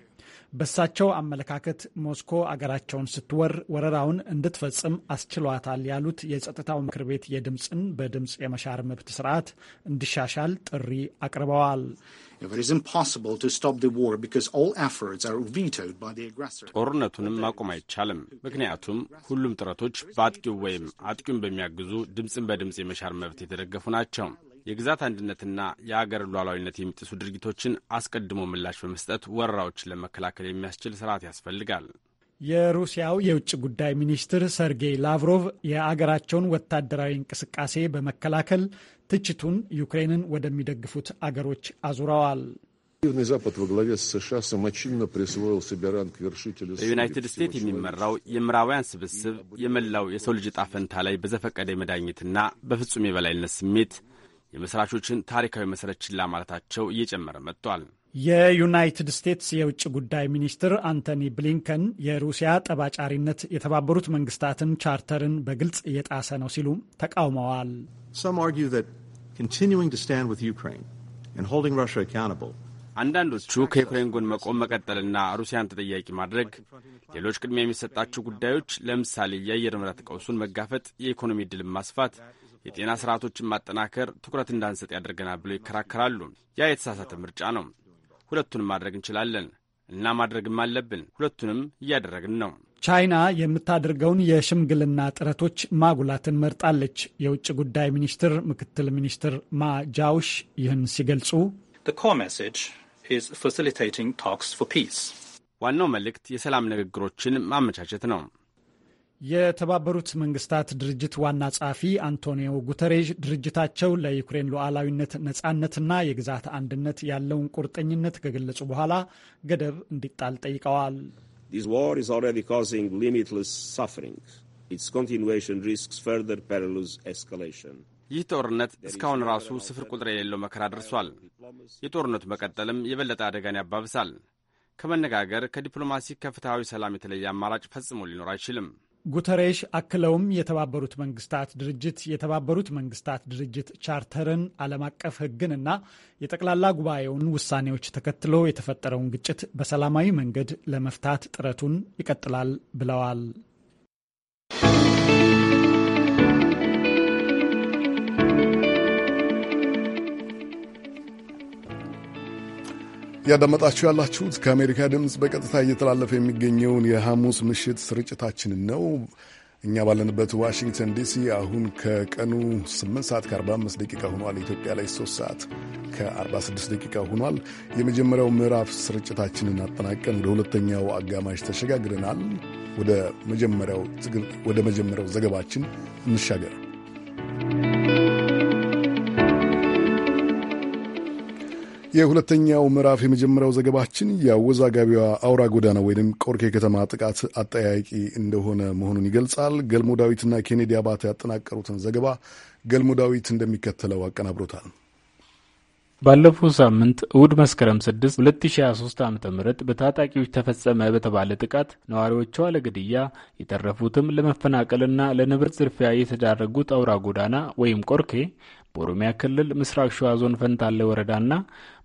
በሳቸው አመለካከት ሞስኮ አገራቸውን ስትወር ወረራውን እንድትፈጽም አስችሏታል ያሉት የጸጥታው ምክር ቤት የድምፅን በድምፅ የመሻር መብት ስርዓት እንዲሻሻል ጥሪ አቅርበዋል። ጦርነቱንም ማቆም አይቻልም፣ ምክንያቱም ሁሉም ጥረቶች በአጥቂው ወይም አጥቂውን በሚያግዙ ድምፅን በድምፅ የመሻር መብት የተደገፉ ናቸው። የግዛት አንድነትና የአገር ሉዓላዊነት የሚጥሱ ድርጊቶችን አስቀድሞ ምላሽ በመስጠት ወረራዎችን ለመከላከል የሚያስችል ስርዓት ያስፈልጋል። የሩሲያው የውጭ ጉዳይ ሚኒስትር ሰርጌይ ላቭሮቭ የአገራቸውን ወታደራዊ እንቅስቃሴ በመከላከል ትችቱን ዩክሬንን ወደሚደግፉት አገሮች አዙረዋል። በዩናይትድ ስቴትስ የሚመራው የምዕራባውያን ስብስብ የመላው የሰው ልጅ ጣፈንታ ላይ በዘፈቀደ የመዳኘትና በፍጹም የበላይነት ስሜት የመስራቾችን ታሪካዊ መሰረት ችላ ማለታቸው እየጨመረ መጥቷል። የዩናይትድ ስቴትስ የውጭ ጉዳይ ሚኒስትር አንቶኒ ብሊንከን የሩሲያ ጠባጫሪነት የተባበሩት መንግስታትን ቻርተርን በግልጽ እየጣሰ ነው ሲሉ ተቃውመዋል። አንዳንዶቹ ከዩክሬን ጎን መቆም መቀጠልና ሩሲያን ተጠያቂ ማድረግ፣ ሌሎች ቅድሚያ የሚሰጣቸው ጉዳዮች ለምሳሌ የአየር ንብረት ቀውሱን መጋፈጥ፣ የኢኮኖሚ ድልም ማስፋት የጤና ስርዓቶችን ማጠናከር ትኩረት እንዳንሰጥ ያደርገናል ብለው ይከራከራሉ። ያ የተሳሳተ ምርጫ ነው። ሁለቱንም ማድረግ እንችላለን እና ማድረግም አለብን። ሁለቱንም እያደረግን ነው። ቻይና የምታደርገውን የሽምግልና ጥረቶች ማጉላትን መርጣለች። የውጭ ጉዳይ ሚኒስትር ምክትል ሚኒስትር ማ ጃውሽ ይህን ሲገልጹ ዋናው መልእክት የሰላም ንግግሮችን ማመቻቸት ነው። የተባበሩት መንግስታት ድርጅት ዋና ጸሐፊ አንቶኒዮ ጉተሬዥ ድርጅታቸው ለዩክሬን ሉዓላዊነት ነጻነትና የግዛት አንድነት ያለውን ቁርጠኝነት ከገለጹ በኋላ ገደብ እንዲጣል ጠይቀዋል። ይህ ጦርነት እስካሁን ራሱ ስፍር ቁጥር የሌለው መከራ ደርሷል። የጦርነቱ መቀጠልም የበለጠ አደጋን ያባብሳል። ከመነጋገር ከዲፕሎማሲ ከፍትሐዊ ሰላም የተለየ አማራጭ ፈጽሞ ሊኖር አይችልም። ጉተሬሽ አክለውም የተባበሩት መንግስታት ድርጅት የተባበሩት መንግስታት ድርጅት ቻርተርን ዓለም አቀፍ ሕግንና የጠቅላላ ጉባኤውን ውሳኔዎች ተከትሎ የተፈጠረውን ግጭት በሰላማዊ መንገድ ለመፍታት ጥረቱን ይቀጥላል ብለዋል። እያዳመጣችሁ ያላችሁት ከአሜሪካ ድምፅ በቀጥታ እየተላለፈ የሚገኘውን የሐሙስ ምሽት ስርጭታችንን ነው። እኛ ባለንበት ዋሽንግተን ዲሲ አሁን ከቀኑ 8 ሰዓት ከ45 ደቂቃ ሆኗል። ኢትዮጵያ ላይ 3 ሰዓት ከ46 ደቂቃ ሆኗል። የመጀመሪያው ምዕራፍ ስርጭታችንን አጠናቀን ወደ ሁለተኛው አጋማሽ ተሸጋግረናል። ወደ መጀመሪያው ዘገባችን እንሻገር። የሁለተኛው ምዕራፍ የመጀመሪያው ዘገባችን የአወዛጋቢዋ አውራ ጎዳና ወይም ቆርኬ ከተማ ጥቃት አጠያቂ እንደሆነ መሆኑን ይገልጻል። ገልሞ ዳዊትና ኬኔዲ አባተ ያጠናቀሩትን ዘገባ ገልሞ ዳዊት እንደሚከተለው አቀናብሮታል። ባለፈው ሳምንት እሁድ መስከረም 6 2023 ዓ ም በታጣቂዎች ተፈጸመ በተባለ ጥቃት ነዋሪዎቿ ለግድያ የተረፉትም ለመፈናቀልና ለንብረት ዝርፊያ የተዳረጉት አውራ ጎዳና ወይም ቆርኬ በኦሮሚያ ክልል ምስራቅ ሸዋ ዞን ፈንታሌ ወረዳና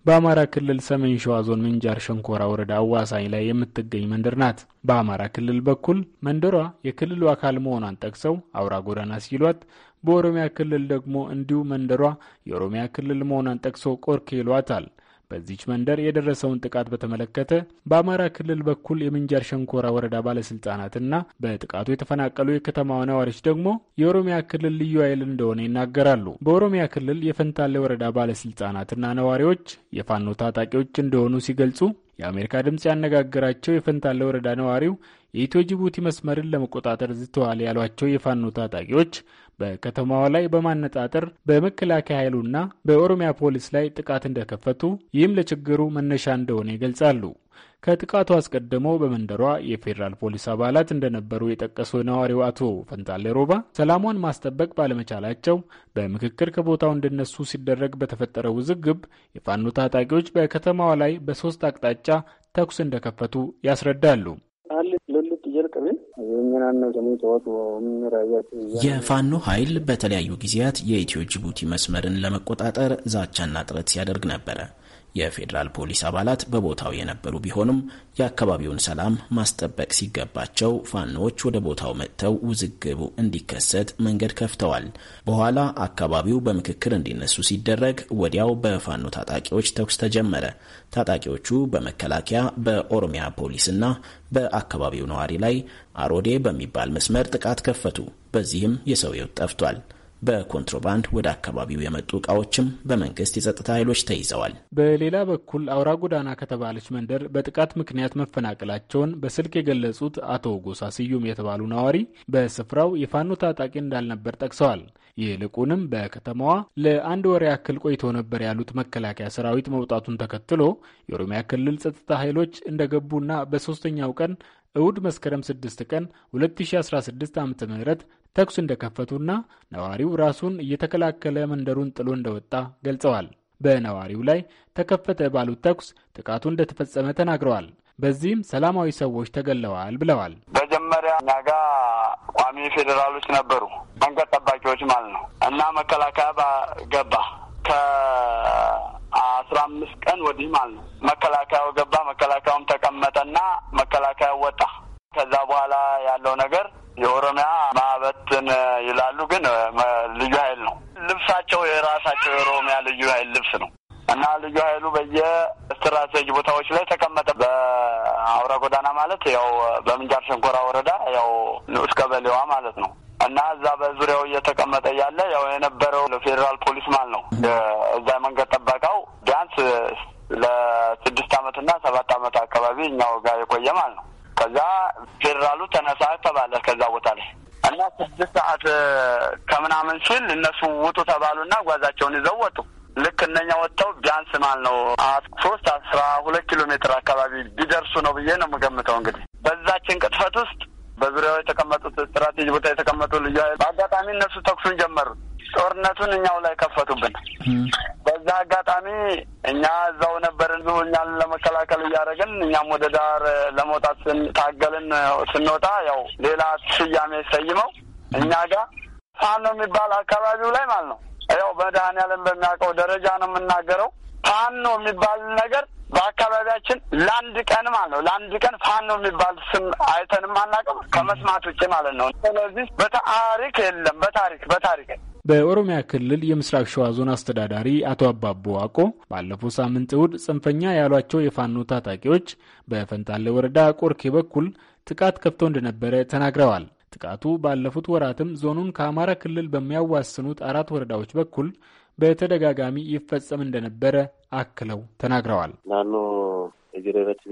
በአማራ ክልል ሰሜን ሸዋ ዞን ምንጃር ሸንኮራ ወረዳ አዋሳኝ ላይ የምትገኝ መንደር ናት። በአማራ ክልል በኩል መንደሯ የክልሉ አካል መሆኗን ጠቅሰው አውራ ጎዳና ሲሏት፣ በኦሮሚያ ክልል ደግሞ እንዲሁ መንደሯ የኦሮሚያ ክልል መሆኗን ጠቅሰው ቆርኬ ይሏታል። በዚች መንደር የደረሰውን ጥቃት በተመለከተ በአማራ ክልል በኩል የምንጃር ሸንኮራ ወረዳ ባለስልጣናትና በጥቃቱ የተፈናቀሉ የከተማው ነዋሪዎች ደግሞ የኦሮሚያ ክልል ልዩ ኃይል እንደሆነ ይናገራሉ። በኦሮሚያ ክልል የፈንታሌ ወረዳ ባለስልጣናትና ነዋሪዎች የፋኖ ታጣቂዎች እንደሆኑ ሲገልጹ የአሜሪካ ድምፅ ያነጋገራቸው የፈንታለ ወረዳ ነዋሪው የኢትዮ ጅቡቲ መስመርን ለመቆጣጠር ዝተዋል ያሏቸው የፋኖ ታጣቂዎች በከተማዋ ላይ በማነጣጠር በመከላከያ ኃይሉና በኦሮሚያ ፖሊስ ላይ ጥቃት እንደከፈቱ ይህም ለችግሩ መነሻ እንደሆነ ይገልጻሉ። ከጥቃቱ አስቀድሞ በመንደሯ የፌዴራል ፖሊስ አባላት እንደነበሩ የጠቀሱ ነዋሪው አቶ ፈንታሌ ሮባ ሰላሟን ማስጠበቅ ባለመቻላቸው በምክክር ከቦታው እንዲነሱ ሲደረግ በተፈጠረው ውዝግብ የፋኖ ታጣቂዎች በከተማዋ ላይ በሶስት አቅጣጫ ተኩስ እንደከፈቱ ያስረዳሉ። የፋኖ ኃይል በተለያዩ ጊዜያት የኢትዮ ጅቡቲ መስመርን ለመቆጣጠር ዛቻና ጥረት ሲያደርግ ነበረ። የፌዴራል ፖሊስ አባላት በቦታው የነበሩ ቢሆንም የአካባቢውን ሰላም ማስጠበቅ ሲገባቸው ፋኖዎች ወደ ቦታው መጥተው ውዝግቡ እንዲከሰት መንገድ ከፍተዋል። በኋላ አካባቢው በምክክር እንዲነሱ ሲደረግ ወዲያው በፋኖ ታጣቂዎች ተኩስ ተጀመረ። ታጣቂዎቹ በመከላከያ በኦሮሚያ ፖሊስና በአካባቢው ነዋሪ ላይ አሮዴ በሚባል መስመር ጥቃት ከፈቱ። በዚህም የሰው ሕይወት ጠፍቷል። በኮንትሮባንድ ወደ አካባቢው የመጡ እቃዎችም በመንግስት የጸጥታ ኃይሎች ተይዘዋል። በሌላ በኩል አውራ ጎዳና ከተባለች መንደር በጥቃት ምክንያት መፈናቀላቸውን በስልክ የገለጹት አቶ ጎሳ ስዩም የተባሉ ነዋሪ በስፍራው የፋኖ ታጣቂ እንዳልነበር ጠቅሰዋል። ይልቁንም በከተማዋ ለአንድ ወር ያክል ቆይቶ ነበር ያሉት መከላከያ ሰራዊት መውጣቱን ተከትሎ የኦሮሚያ ክልል ጸጥታ ኃይሎች እንደገቡና በሶስተኛው ቀን እሁድ መስከረም 6 ቀን 2016 ም ተኩስ እንደከፈቱና ነዋሪው ራሱን እየተከላከለ መንደሩን ጥሎ እንደወጣ ገልጸዋል። በነዋሪው ላይ ተከፈተ ባሉት ተኩስ ጥቃቱ እንደተፈጸመ ተናግረዋል። በዚህም ሰላማዊ ሰዎች ተገለዋል ብለዋል። መጀመሪያ እኛ ጋ ቋሚ ፌዴራሎች ነበሩ፣ መንገድ ጠባቂዎች ማለት ነው እና መከላከያ ገባ ከአስራ አምስት ቀን ወዲህ ማለት ነው። መከላከያው ገባ፣ መከላከያውም ተቀመጠና መከላከያው ወጣ ከዛ በኋላ ያለው ነገር የኦሮሚያ ማበትን ይላሉ፣ ግን ልዩ ኃይል ነው። ልብሳቸው የራሳቸው የኦሮሚያ ልዩ ኃይል ልብስ ነው እና ልዩ ኃይሉ በየስትራቴጂ ቦታዎች ላይ ተቀመጠ። በአውራ ጎዳና ማለት ያው በምንጃር ሸንኮራ ወረዳ ያው ንዑስ ቀበሌዋ ማለት ነው እና እዛ በዙሪያው እየተቀመጠ ያለ ያው የነበረው ለፌዴራል ፖሊስ ማለት ነው እዛ መንገድ ጠበቃው ቢያንስ ለስድስት ዓመትና ሰባት ዓመት አካባቢ እኛው ጋር የቆየ ማለት ነው። ከዛ ፌዴራሉ ተነሳ ተባለ ከዛ ቦታ ላይ እና ስድስት ሰዓት ከምናምን ሲል እነሱ ውጡ ተባሉና ጓዛቸውን ይዘው ወጡ። ልክ እነኛ ወጥተው ቢያንስ ማል ነው ሶስት አስራ ሁለት ኪሎ ሜትር አካባቢ ቢደርሱ ነው ብዬ ነው የምገምተው። እንግዲህ በዛችን ቅጥፈት ውስጥ በዙሪያው የተቀመጡት ስትራቴጂ ቦታ የተቀመጡ ልዩ ኃይል በአጋጣሚ እነሱ ተኩሱን ጀመሩት። ጦርነቱን እኛው ላይ ከፈቱብን። በዛ አጋጣሚ እኛ እዛው ነበርን። ብዙ እኛን ለመከላከል እያደረግን እኛም ወደ ዳር ለመውጣት ስንታገልን ስንወጣ ያው ሌላ ስያሜ ሰይመው እኛ ጋር ፋኖ የሚባል አካባቢው ላይ ማለት ነው። ያው መድኃኔዓለም በሚያውቀው ደረጃ ነው የምናገረው። ፋኖ የሚባል ነገር በአካባቢያችን ለአንድ ቀን ማለት ነው ለአንድ ቀን ፋኖ የሚባል ስም አይተንም አናውቅም ከመስማት ውጭ ማለት ነው። ስለዚህ በታሪክ የለም በታሪክ በታሪክ በኦሮሚያ ክልል የምስራቅ ሸዋ ዞን አስተዳዳሪ አቶ አባቦ አቆ፣ ባለፈው ሳምንት እሁድ ጽንፈኛ ያሏቸው የፋኖ ታጣቂዎች በፈንታሌ ወረዳ ቆርኬ በኩል ጥቃት ከፍተው እንደነበረ ተናግረዋል። ጥቃቱ ባለፉት ወራትም ዞኑን ከአማራ ክልል በሚያዋስኑት አራት ወረዳዎች በኩል በተደጋጋሚ ይፈጸም እንደነበረ አክለው ተናግረዋል። ናኖ ጅረበት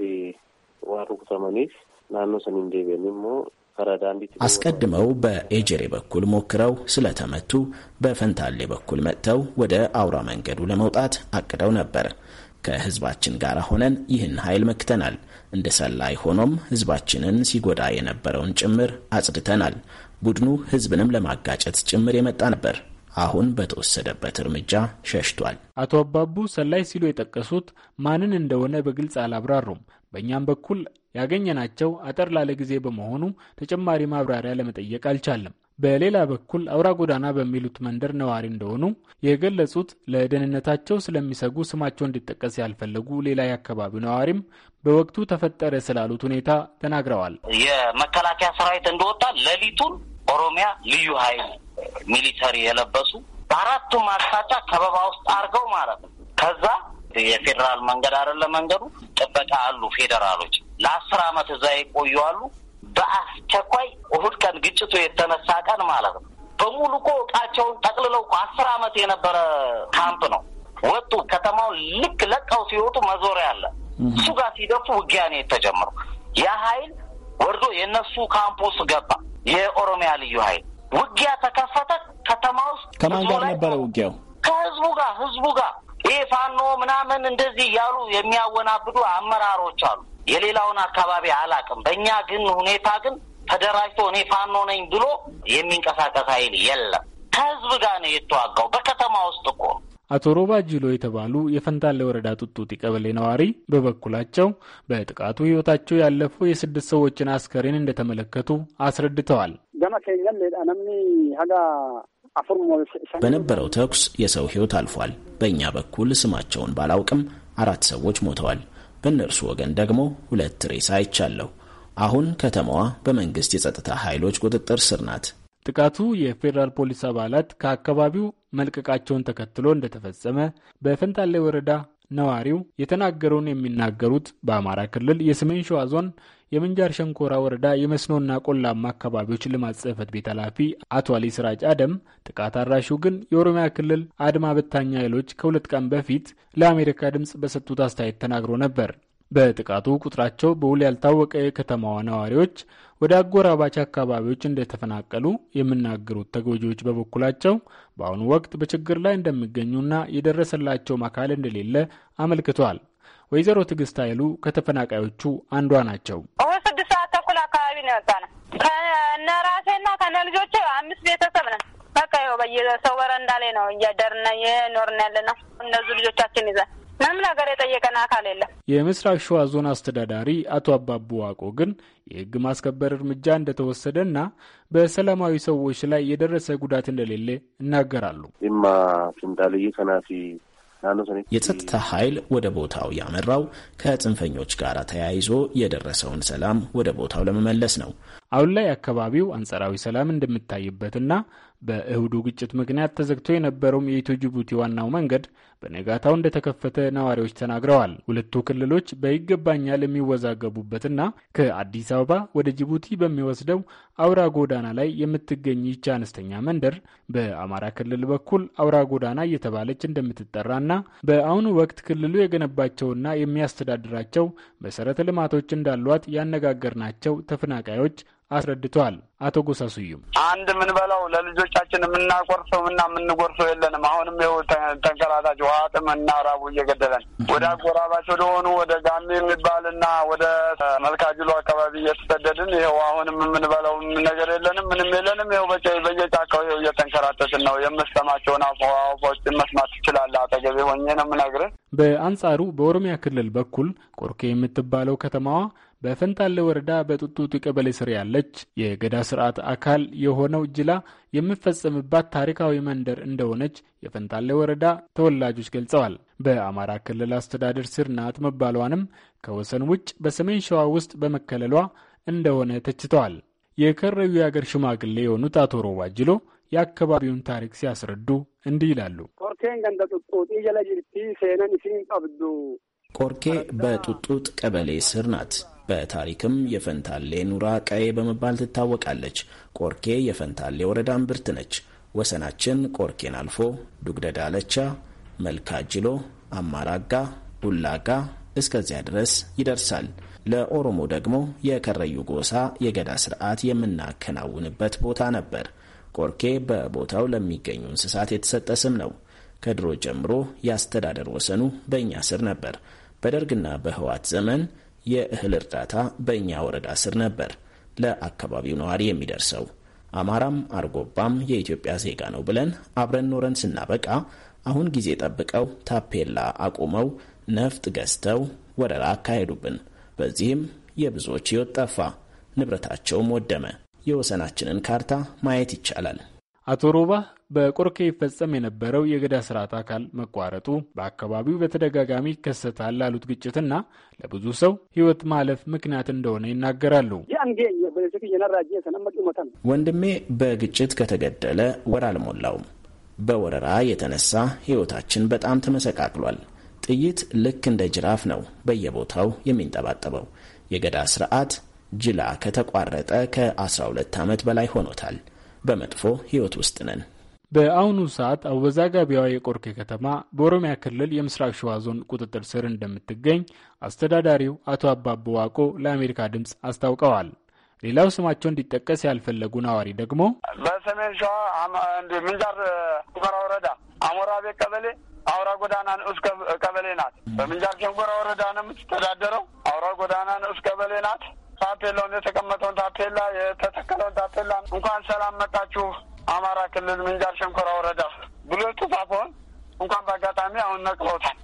ዋሩ ሰመኒፍ ናኖ ሰኒንዴቤን ሞ አስቀድመው በኤጀሬ በኩል ሞክረው ስለተመቱ በፈንታሌ በኩል መጥተው ወደ አውራ መንገዱ ለመውጣት አቅደው ነበር። ከህዝባችን ጋር ሆነን ይህን ኃይል መክተናል። እንደ ሰላይ ሆኖም ህዝባችንን ሲጎዳ የነበረውን ጭምር አጽድተናል። ቡድኑ ህዝብንም ለማጋጨት ጭምር የመጣ ነበር። አሁን በተወሰደበት እርምጃ ሸሽቷል። አቶ አባቡ ሰላይ ሲሉ የጠቀሱት ማንን እንደሆነ በግልጽ አላብራሩም። በእኛም በኩል ያገኘናቸው አጠር ላለ ጊዜ በመሆኑ ተጨማሪ ማብራሪያ ለመጠየቅ አልቻለም። በሌላ በኩል አውራ ጎዳና በሚሉት መንደር ነዋሪ እንደሆኑ የገለጹት ለደህንነታቸው ስለሚሰጉ ስማቸው እንዲጠቀስ ያልፈለጉ ሌላ የአካባቢው ነዋሪም በወቅቱ ተፈጠረ ስላሉት ሁኔታ ተናግረዋል። የመከላከያ ሰራዊት እንደወጣ ሌሊቱን ኦሮሚያ ልዩ ኃይል ሚሊተሪ የለበሱ በአራቱም አቅጣጫ ከበባ ውስጥ አድርገው ማለት ነው ከዛ የፌዴራል መንገድ አይደለ መንገዱ ጥበቃ አሉ ፌዴራሎች ለአስር አመት እዛ ይቆዩ አሉ። በአስቸኳይ እሁድ ቀን ግጭቱ የተነሳ ቀን ማለት ነው በሙሉ እኮ እቃቸውን ጠቅልለው እኮ አስር አመት የነበረ ካምፕ ነው ወጡ። ከተማውን ልክ ለቀው ሲወጡ መዞሪያ አለ። እሱ ጋር ሲደፉ ውጊያ ነው የተጀመረው። ያ ሀይል ወርዶ የእነሱ ካምፕ ውስጥ ገባ። የኦሮሚያ ልዩ ሀይል ውጊያ ተከፈተ ከተማ ውስጥ። ከማን ጋር ነበረ ውጊያው? ከህዝቡ ጋር ህዝቡ ጋር ይህ ፋኖ ምናምን እንደዚህ እያሉ የሚያወናብዱ አመራሮች አሉ። የሌላውን አካባቢ አላቅም። በእኛ ግን ሁኔታ ግን ተደራጅቶ እኔ ፋኖ ነኝ ብሎ የሚንቀሳቀስ ኃይል የለም። ከህዝብ ጋር ነው የተዋጋው በከተማ ውስጥ እኮ። አቶ ሮባ ጅሎ የተባሉ የፈንታሌ ወረዳ ጡጡቲ ቀበሌ ነዋሪ በበኩላቸው በጥቃቱ ህይወታቸው ያለፉ የስድስት ሰዎችን አስከሬን እንደተመለከቱ አስረድተዋል። ገመ ኬኛን ሀጋ በነበረው ተኩስ የሰው ሕይወት አልፏል። በእኛ በኩል ስማቸውን ባላውቅም አራት ሰዎች ሞተዋል። በእነርሱ ወገን ደግሞ ሁለት ሬሳ አይቻለሁ። አሁን ከተማዋ በመንግስት የጸጥታ ኃይሎች ቁጥጥር ስር ናት። ጥቃቱ የፌዴራል ፖሊስ አባላት ከአካባቢው መልቀቃቸውን ተከትሎ እንደተፈጸመ በፈንታሌ ወረዳ ነዋሪው የተናገረውን የሚናገሩት በአማራ ክልል የሰሜን ሸዋ ዞን የምንጃር ሸንኮራ ወረዳ የመስኖና ቆላማ አካባቢዎች ልማት ጽሕፈት ቤት ኃላፊ አቶ አሊ ስራጭ አደም ጥቃት አድራሹ ግን የኦሮሚያ ክልል አድማ በታኛ ኃይሎች ከሁለት ቀን በፊት ለአሜሪካ ድምፅ በሰጡት አስተያየት ተናግሮ ነበር። በጥቃቱ ቁጥራቸው በውል ያልታወቀ የከተማዋ ነዋሪዎች ወደ አጎራባች አካባቢዎች እንደተፈናቀሉ የሚናገሩት ተጎጂዎች በበኩላቸው በአሁኑ ወቅት በችግር ላይ እንደሚገኙና የደረሰላቸውም አካል እንደሌለ አመልክቷል። ወይዘሮ ትዕግስት ኃይሉ ከተፈናቃዮቹ አንዷ ናቸው። አሁን ስድስት ሰዓት ተኩል አካባቢ ነው የወጣ ነው። ከነ ራሴና ከነ ልጆች አምስት ቤተሰብ ነን። በቃ ይኸው በየሰው በረንዳ ላይ ነው እያደርና የኖርን ያለ ነው። እነዙ ልጆቻችን ይዘን ምንም ነገር የጠየቀን አካል የለም። የምስራቅ ሸዋ ዞን አስተዳዳሪ አቶ አባቡ ዋቆ ግን የህግ ማስከበር እርምጃ እንደተወሰደና በሰላማዊ ሰዎች ላይ የደረሰ ጉዳት እንደሌለ ይናገራሉ። ማ ፍንዳልይ ከናፊ የጸጥታ ኃይል ወደ ቦታው ያመራው ከጽንፈኞች ጋር ተያይዞ የደረሰውን ሰላም ወደ ቦታው ለመመለስ ነው። አሁን ላይ አካባቢው አንጸራዊ ሰላም እንደሚታይበትና በእሁዱ ግጭት ምክንያት ተዘግቶ የነበረውም የኢትዮ ጅቡቲ ዋናው መንገድ በነጋታው እንደተከፈተ ነዋሪዎች ተናግረዋል። ሁለቱ ክልሎች በይገባኛል የሚወዛገቡበትና ከአዲስ አበባ ወደ ጅቡቲ በሚወስደው አውራ ጎዳና ላይ የምትገኝ ይቺ አነስተኛ መንደር በአማራ ክልል በኩል አውራ ጎዳና እየተባለች እንደምትጠራና በአሁኑ ወቅት ክልሉ የገነባቸውና የሚያስተዳድራቸው መሰረተ ልማቶች እንዳሏት ያነጋገርናቸው ተፈናቃዮች አስረድተዋል። አቶ ጎሳ ስዩም አንድ የምንበላው ለልጆቻችን የምናቆርሰው እና የምንጎርሰው የለንም። አሁንም ይኸው ተንከራታች ውሃ እና ራቡ እየገደለን ወደ አጎራባች ወደሆኑ ወደ ጋሜ የሚባል እና ወደ መልካጅሎ አካባቢ እየተሰደድን ይኸው አሁንም የምንበላው ነገር የለንም፣ ምንም የለንም። ይኸው በየጫካው ይኸው እየተንከራተትን ነው። የምሰማቸውን አፎችን መስማት ትችላለህ። አጠገቤ ሆኜ ነው የምነግርህ። በአንጻሩ በኦሮሚያ ክልል በኩል ቆርኬ የምትባለው ከተማዋ በፈንታሌ ወረዳ በጡጡት ቀበሌ ስር ያለች የገዳ ስርዓት አካል የሆነው ጅላ የሚፈጸምባት ታሪካዊ መንደር እንደሆነች የፈንታሌ ወረዳ ተወላጆች ገልጸዋል። በአማራ ክልል አስተዳደር ስር ናት መባሏንም ከወሰን ውጭ በሰሜን ሸዋ ውስጥ በመከለሏ እንደሆነ ተችተዋል። የከረዩ የአገር ሽማግሌ የሆኑት አቶ ሮባ ጅሎ የአካባቢውን ታሪክ ሲያስረዱ እንዲህ ይላሉ። ቆርኬ በጡጡጥ ቀበሌ ስር ናት። በታሪክም የፈንታሌ ኑራ ቀዬ በመባል ትታወቃለች። ቆርኬ የፈንታሌ ወረዳ እምብርት ነች። ወሰናችን ቆርኬን አልፎ ዱግደ ዳለቻ፣ መልካ ጅሎ፣ አማራጋ፣ ቡላጋ እስከዚያ ድረስ ይደርሳል። ለኦሮሞ ደግሞ የከረዩ ጎሳ የገዳ ስርዓት የምናከናውንበት ቦታ ነበር። ቆርኬ በቦታው ለሚገኙ እንስሳት የተሰጠ ስም ነው። ከድሮ ጀምሮ የአስተዳደር ወሰኑ በእኛ ስር ነበር። በደርግና በህዋት ዘመን የእህል እርዳታ በእኛ ወረዳ ስር ነበር ለአካባቢው ነዋሪ የሚደርሰው። አማራም አርጎባም የኢትዮጵያ ዜጋ ነው ብለን አብረን ኖረን ስናበቃ አሁን ጊዜ ጠብቀው ታፔላ አቁመው ነፍጥ ገዝተው ወረራ አካሄዱብን። በዚህም የብዙዎች ሕይወት ጠፋ፣ ንብረታቸውም ወደመ። የወሰናችንን ካርታ ማየት ይቻላል። አቶ ሮባ በቆርኬ ይፈጸም የነበረው የገዳ ስርዓት አካል መቋረጡ በአካባቢው በተደጋጋሚ ይከሰታል ላሉት ግጭትና ለብዙ ሰው ህይወት ማለፍ ምክንያት እንደሆነ ይናገራሉ። ወንድሜ በግጭት ከተገደለ ወር አልሞላውም። በወረራ የተነሳ ህይወታችን በጣም ተመሰቃቅሏል። ጥይት ልክ እንደ ጅራፍ ነው በየቦታው የሚንጠባጠበው። የገዳ ስርዓት ጅላ ከተቋረጠ ከ12 ዓመት በላይ ሆኖታል። በመጥፎ ህይወት ውስጥ ነን። በአሁኑ ሰዓት አወዛጋቢዋ የቆርኬ ከተማ በኦሮሚያ ክልል የምስራቅ ሸዋ ዞን ቁጥጥር ስር እንደምትገኝ አስተዳዳሪው አቶ አባቦ ዋቆ ለአሜሪካ ድምፅ አስታውቀዋል። ሌላው ስማቸው እንዲጠቀስ ያልፈለጉ ነዋሪ ደግሞ በሰሜን ሸዋ ምንጃር ሽንኮራ ወረዳ አሞራ ቤት ቀበሌ አውራ ጎዳና ንዑስ ቀበሌ ናት። በምንጃር ጀንጎራ ወረዳ ነው የምትተዳደረው። አውራ ጎዳና ንዑስ ቀበሌ ናት። ታፔላውን የተቀመጠውን ታፔላ የተተከለውን ታፔላ እንኳን ሰላም መጣችሁ አማራ ክልል ምንጃር ሸንኮራ ወረዳ ብሎ ጭፋፎን እንኳን በአጋጣሚ አሁን ነቅለውታል።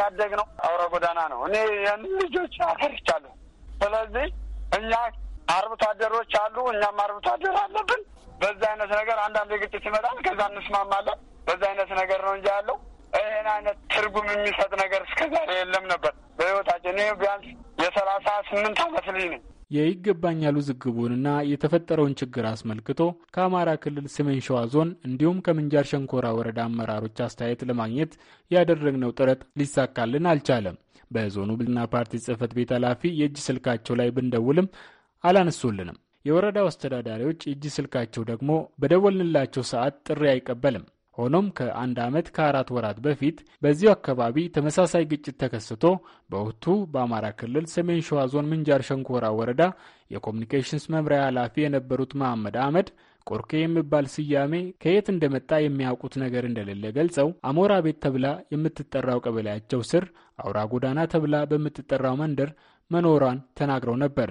ያደግ ነው አውረ ጎዳና ነው። እኔ ይህን ልጆች አፈርቻለሁ። ስለዚህ እኛ አርብቶ አደሮች አሉ፣ እኛም አርብቶ አደር አለብን። በዛ አይነት ነገር አንዳንድ ግጭት ይመጣል፣ ከዛ እንስማማለን። በዛ አይነት ነገር ነው እንጂ ያለው ይህን አይነት ትርጉም የሚሰጥ ነገር እስከዛሬ የለም ነበር በህይወታችን። እኔ ቢያንስ የሰላሳ ስምንት አመት ልጅ ነኝ። የይገባኛል ውዝግቡንና የተፈጠረውን ችግር አስመልክቶ ከአማራ ክልል ሰሜን ሸዋ ዞን እንዲሁም ከምንጃር ሸንኮራ ወረዳ አመራሮች አስተያየት ለማግኘት ያደረግነው ጥረት ሊሳካልን አልቻለም። በዞኑ ብልጽግና ፓርቲ ጽህፈት ቤት ኃላፊ የእጅ ስልካቸው ላይ ብንደውልም አላነሱልንም። የወረዳው አስተዳዳሪዎች የእጅ ስልካቸው ደግሞ በደወልንላቸው ሰዓት ጥሪ አይቀበልም። ሆኖም ከአንድ ዓመት ከአራት ወራት በፊት በዚሁ አካባቢ ተመሳሳይ ግጭት ተከስቶ በወቅቱ በአማራ ክልል ሰሜን ሸዋ ዞን ምንጃር ሸንኮራ ወረዳ የኮሚኒኬሽንስ መምሪያ ኃላፊ የነበሩት መሐመድ አህመድ ቆርኬ የሚባል ስያሜ ከየት እንደመጣ የሚያውቁት ነገር እንደሌለ ገልጸው አሞራ ቤት ተብላ የምትጠራው ቀበሌያቸው ስር አውራ ጎዳና ተብላ በምትጠራው መንደር መኖሯን ተናግረው ነበር።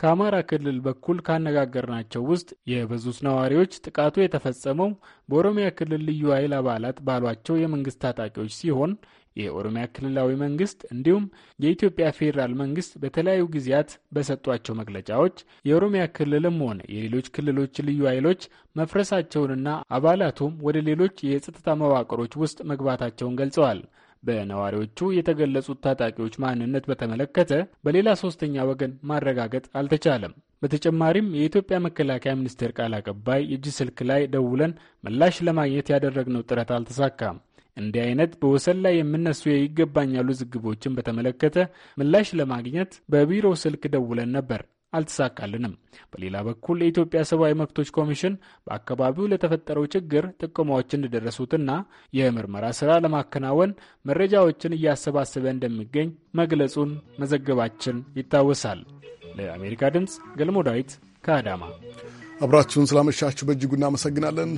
ከአማራ ክልል በኩል ካነጋገርናቸው ውስጥ የበዙት ነዋሪዎች ጥቃቱ የተፈጸመው በኦሮሚያ ክልል ልዩ ኃይል አባላት ባሏቸው የመንግስት ታጣቂዎች ሲሆን የኦሮሚያ ክልላዊ መንግስት እንዲሁም የኢትዮጵያ ፌዴራል መንግስት በተለያዩ ጊዜያት በሰጧቸው መግለጫዎች የኦሮሚያ ክልልም ሆነ የሌሎች ክልሎች ልዩ ኃይሎች መፍረሳቸውንና አባላቱም ወደ ሌሎች የጸጥታ መዋቅሮች ውስጥ መግባታቸውን ገልጸዋል። በነዋሪዎቹ የተገለጹት ታጣቂዎች ማንነት በተመለከተ በሌላ ሶስተኛ ወገን ማረጋገጥ አልተቻለም። በተጨማሪም የኢትዮጵያ መከላከያ ሚኒስቴር ቃል አቀባይ የእጅ ስልክ ላይ ደውለን ምላሽ ለማግኘት ያደረግነው ጥረት አልተሳካም። እንዲህ አይነት በወሰን ላይ የሚነሱ የይገባኛሉ ዝግቦችን በተመለከተ ምላሽ ለማግኘት በቢሮው ስልክ ደውለን ነበር አልተሳካልንም። በሌላ በኩል የኢትዮጵያ ሰብአዊ መብቶች ኮሚሽን በአካባቢው ለተፈጠረው ችግር ጥቆማዎች እንደደረሱትና የምርመራ ስራ ለማከናወን መረጃዎችን እያሰባሰበ እንደሚገኝ መግለጹን መዘገባችን ይታወሳል። ለአሜሪካ ድምፅ ገልሞ ዳዊት ከአዳማ አብራችሁን ስላመሻችሁ በእጅጉ እናመሰግናለን።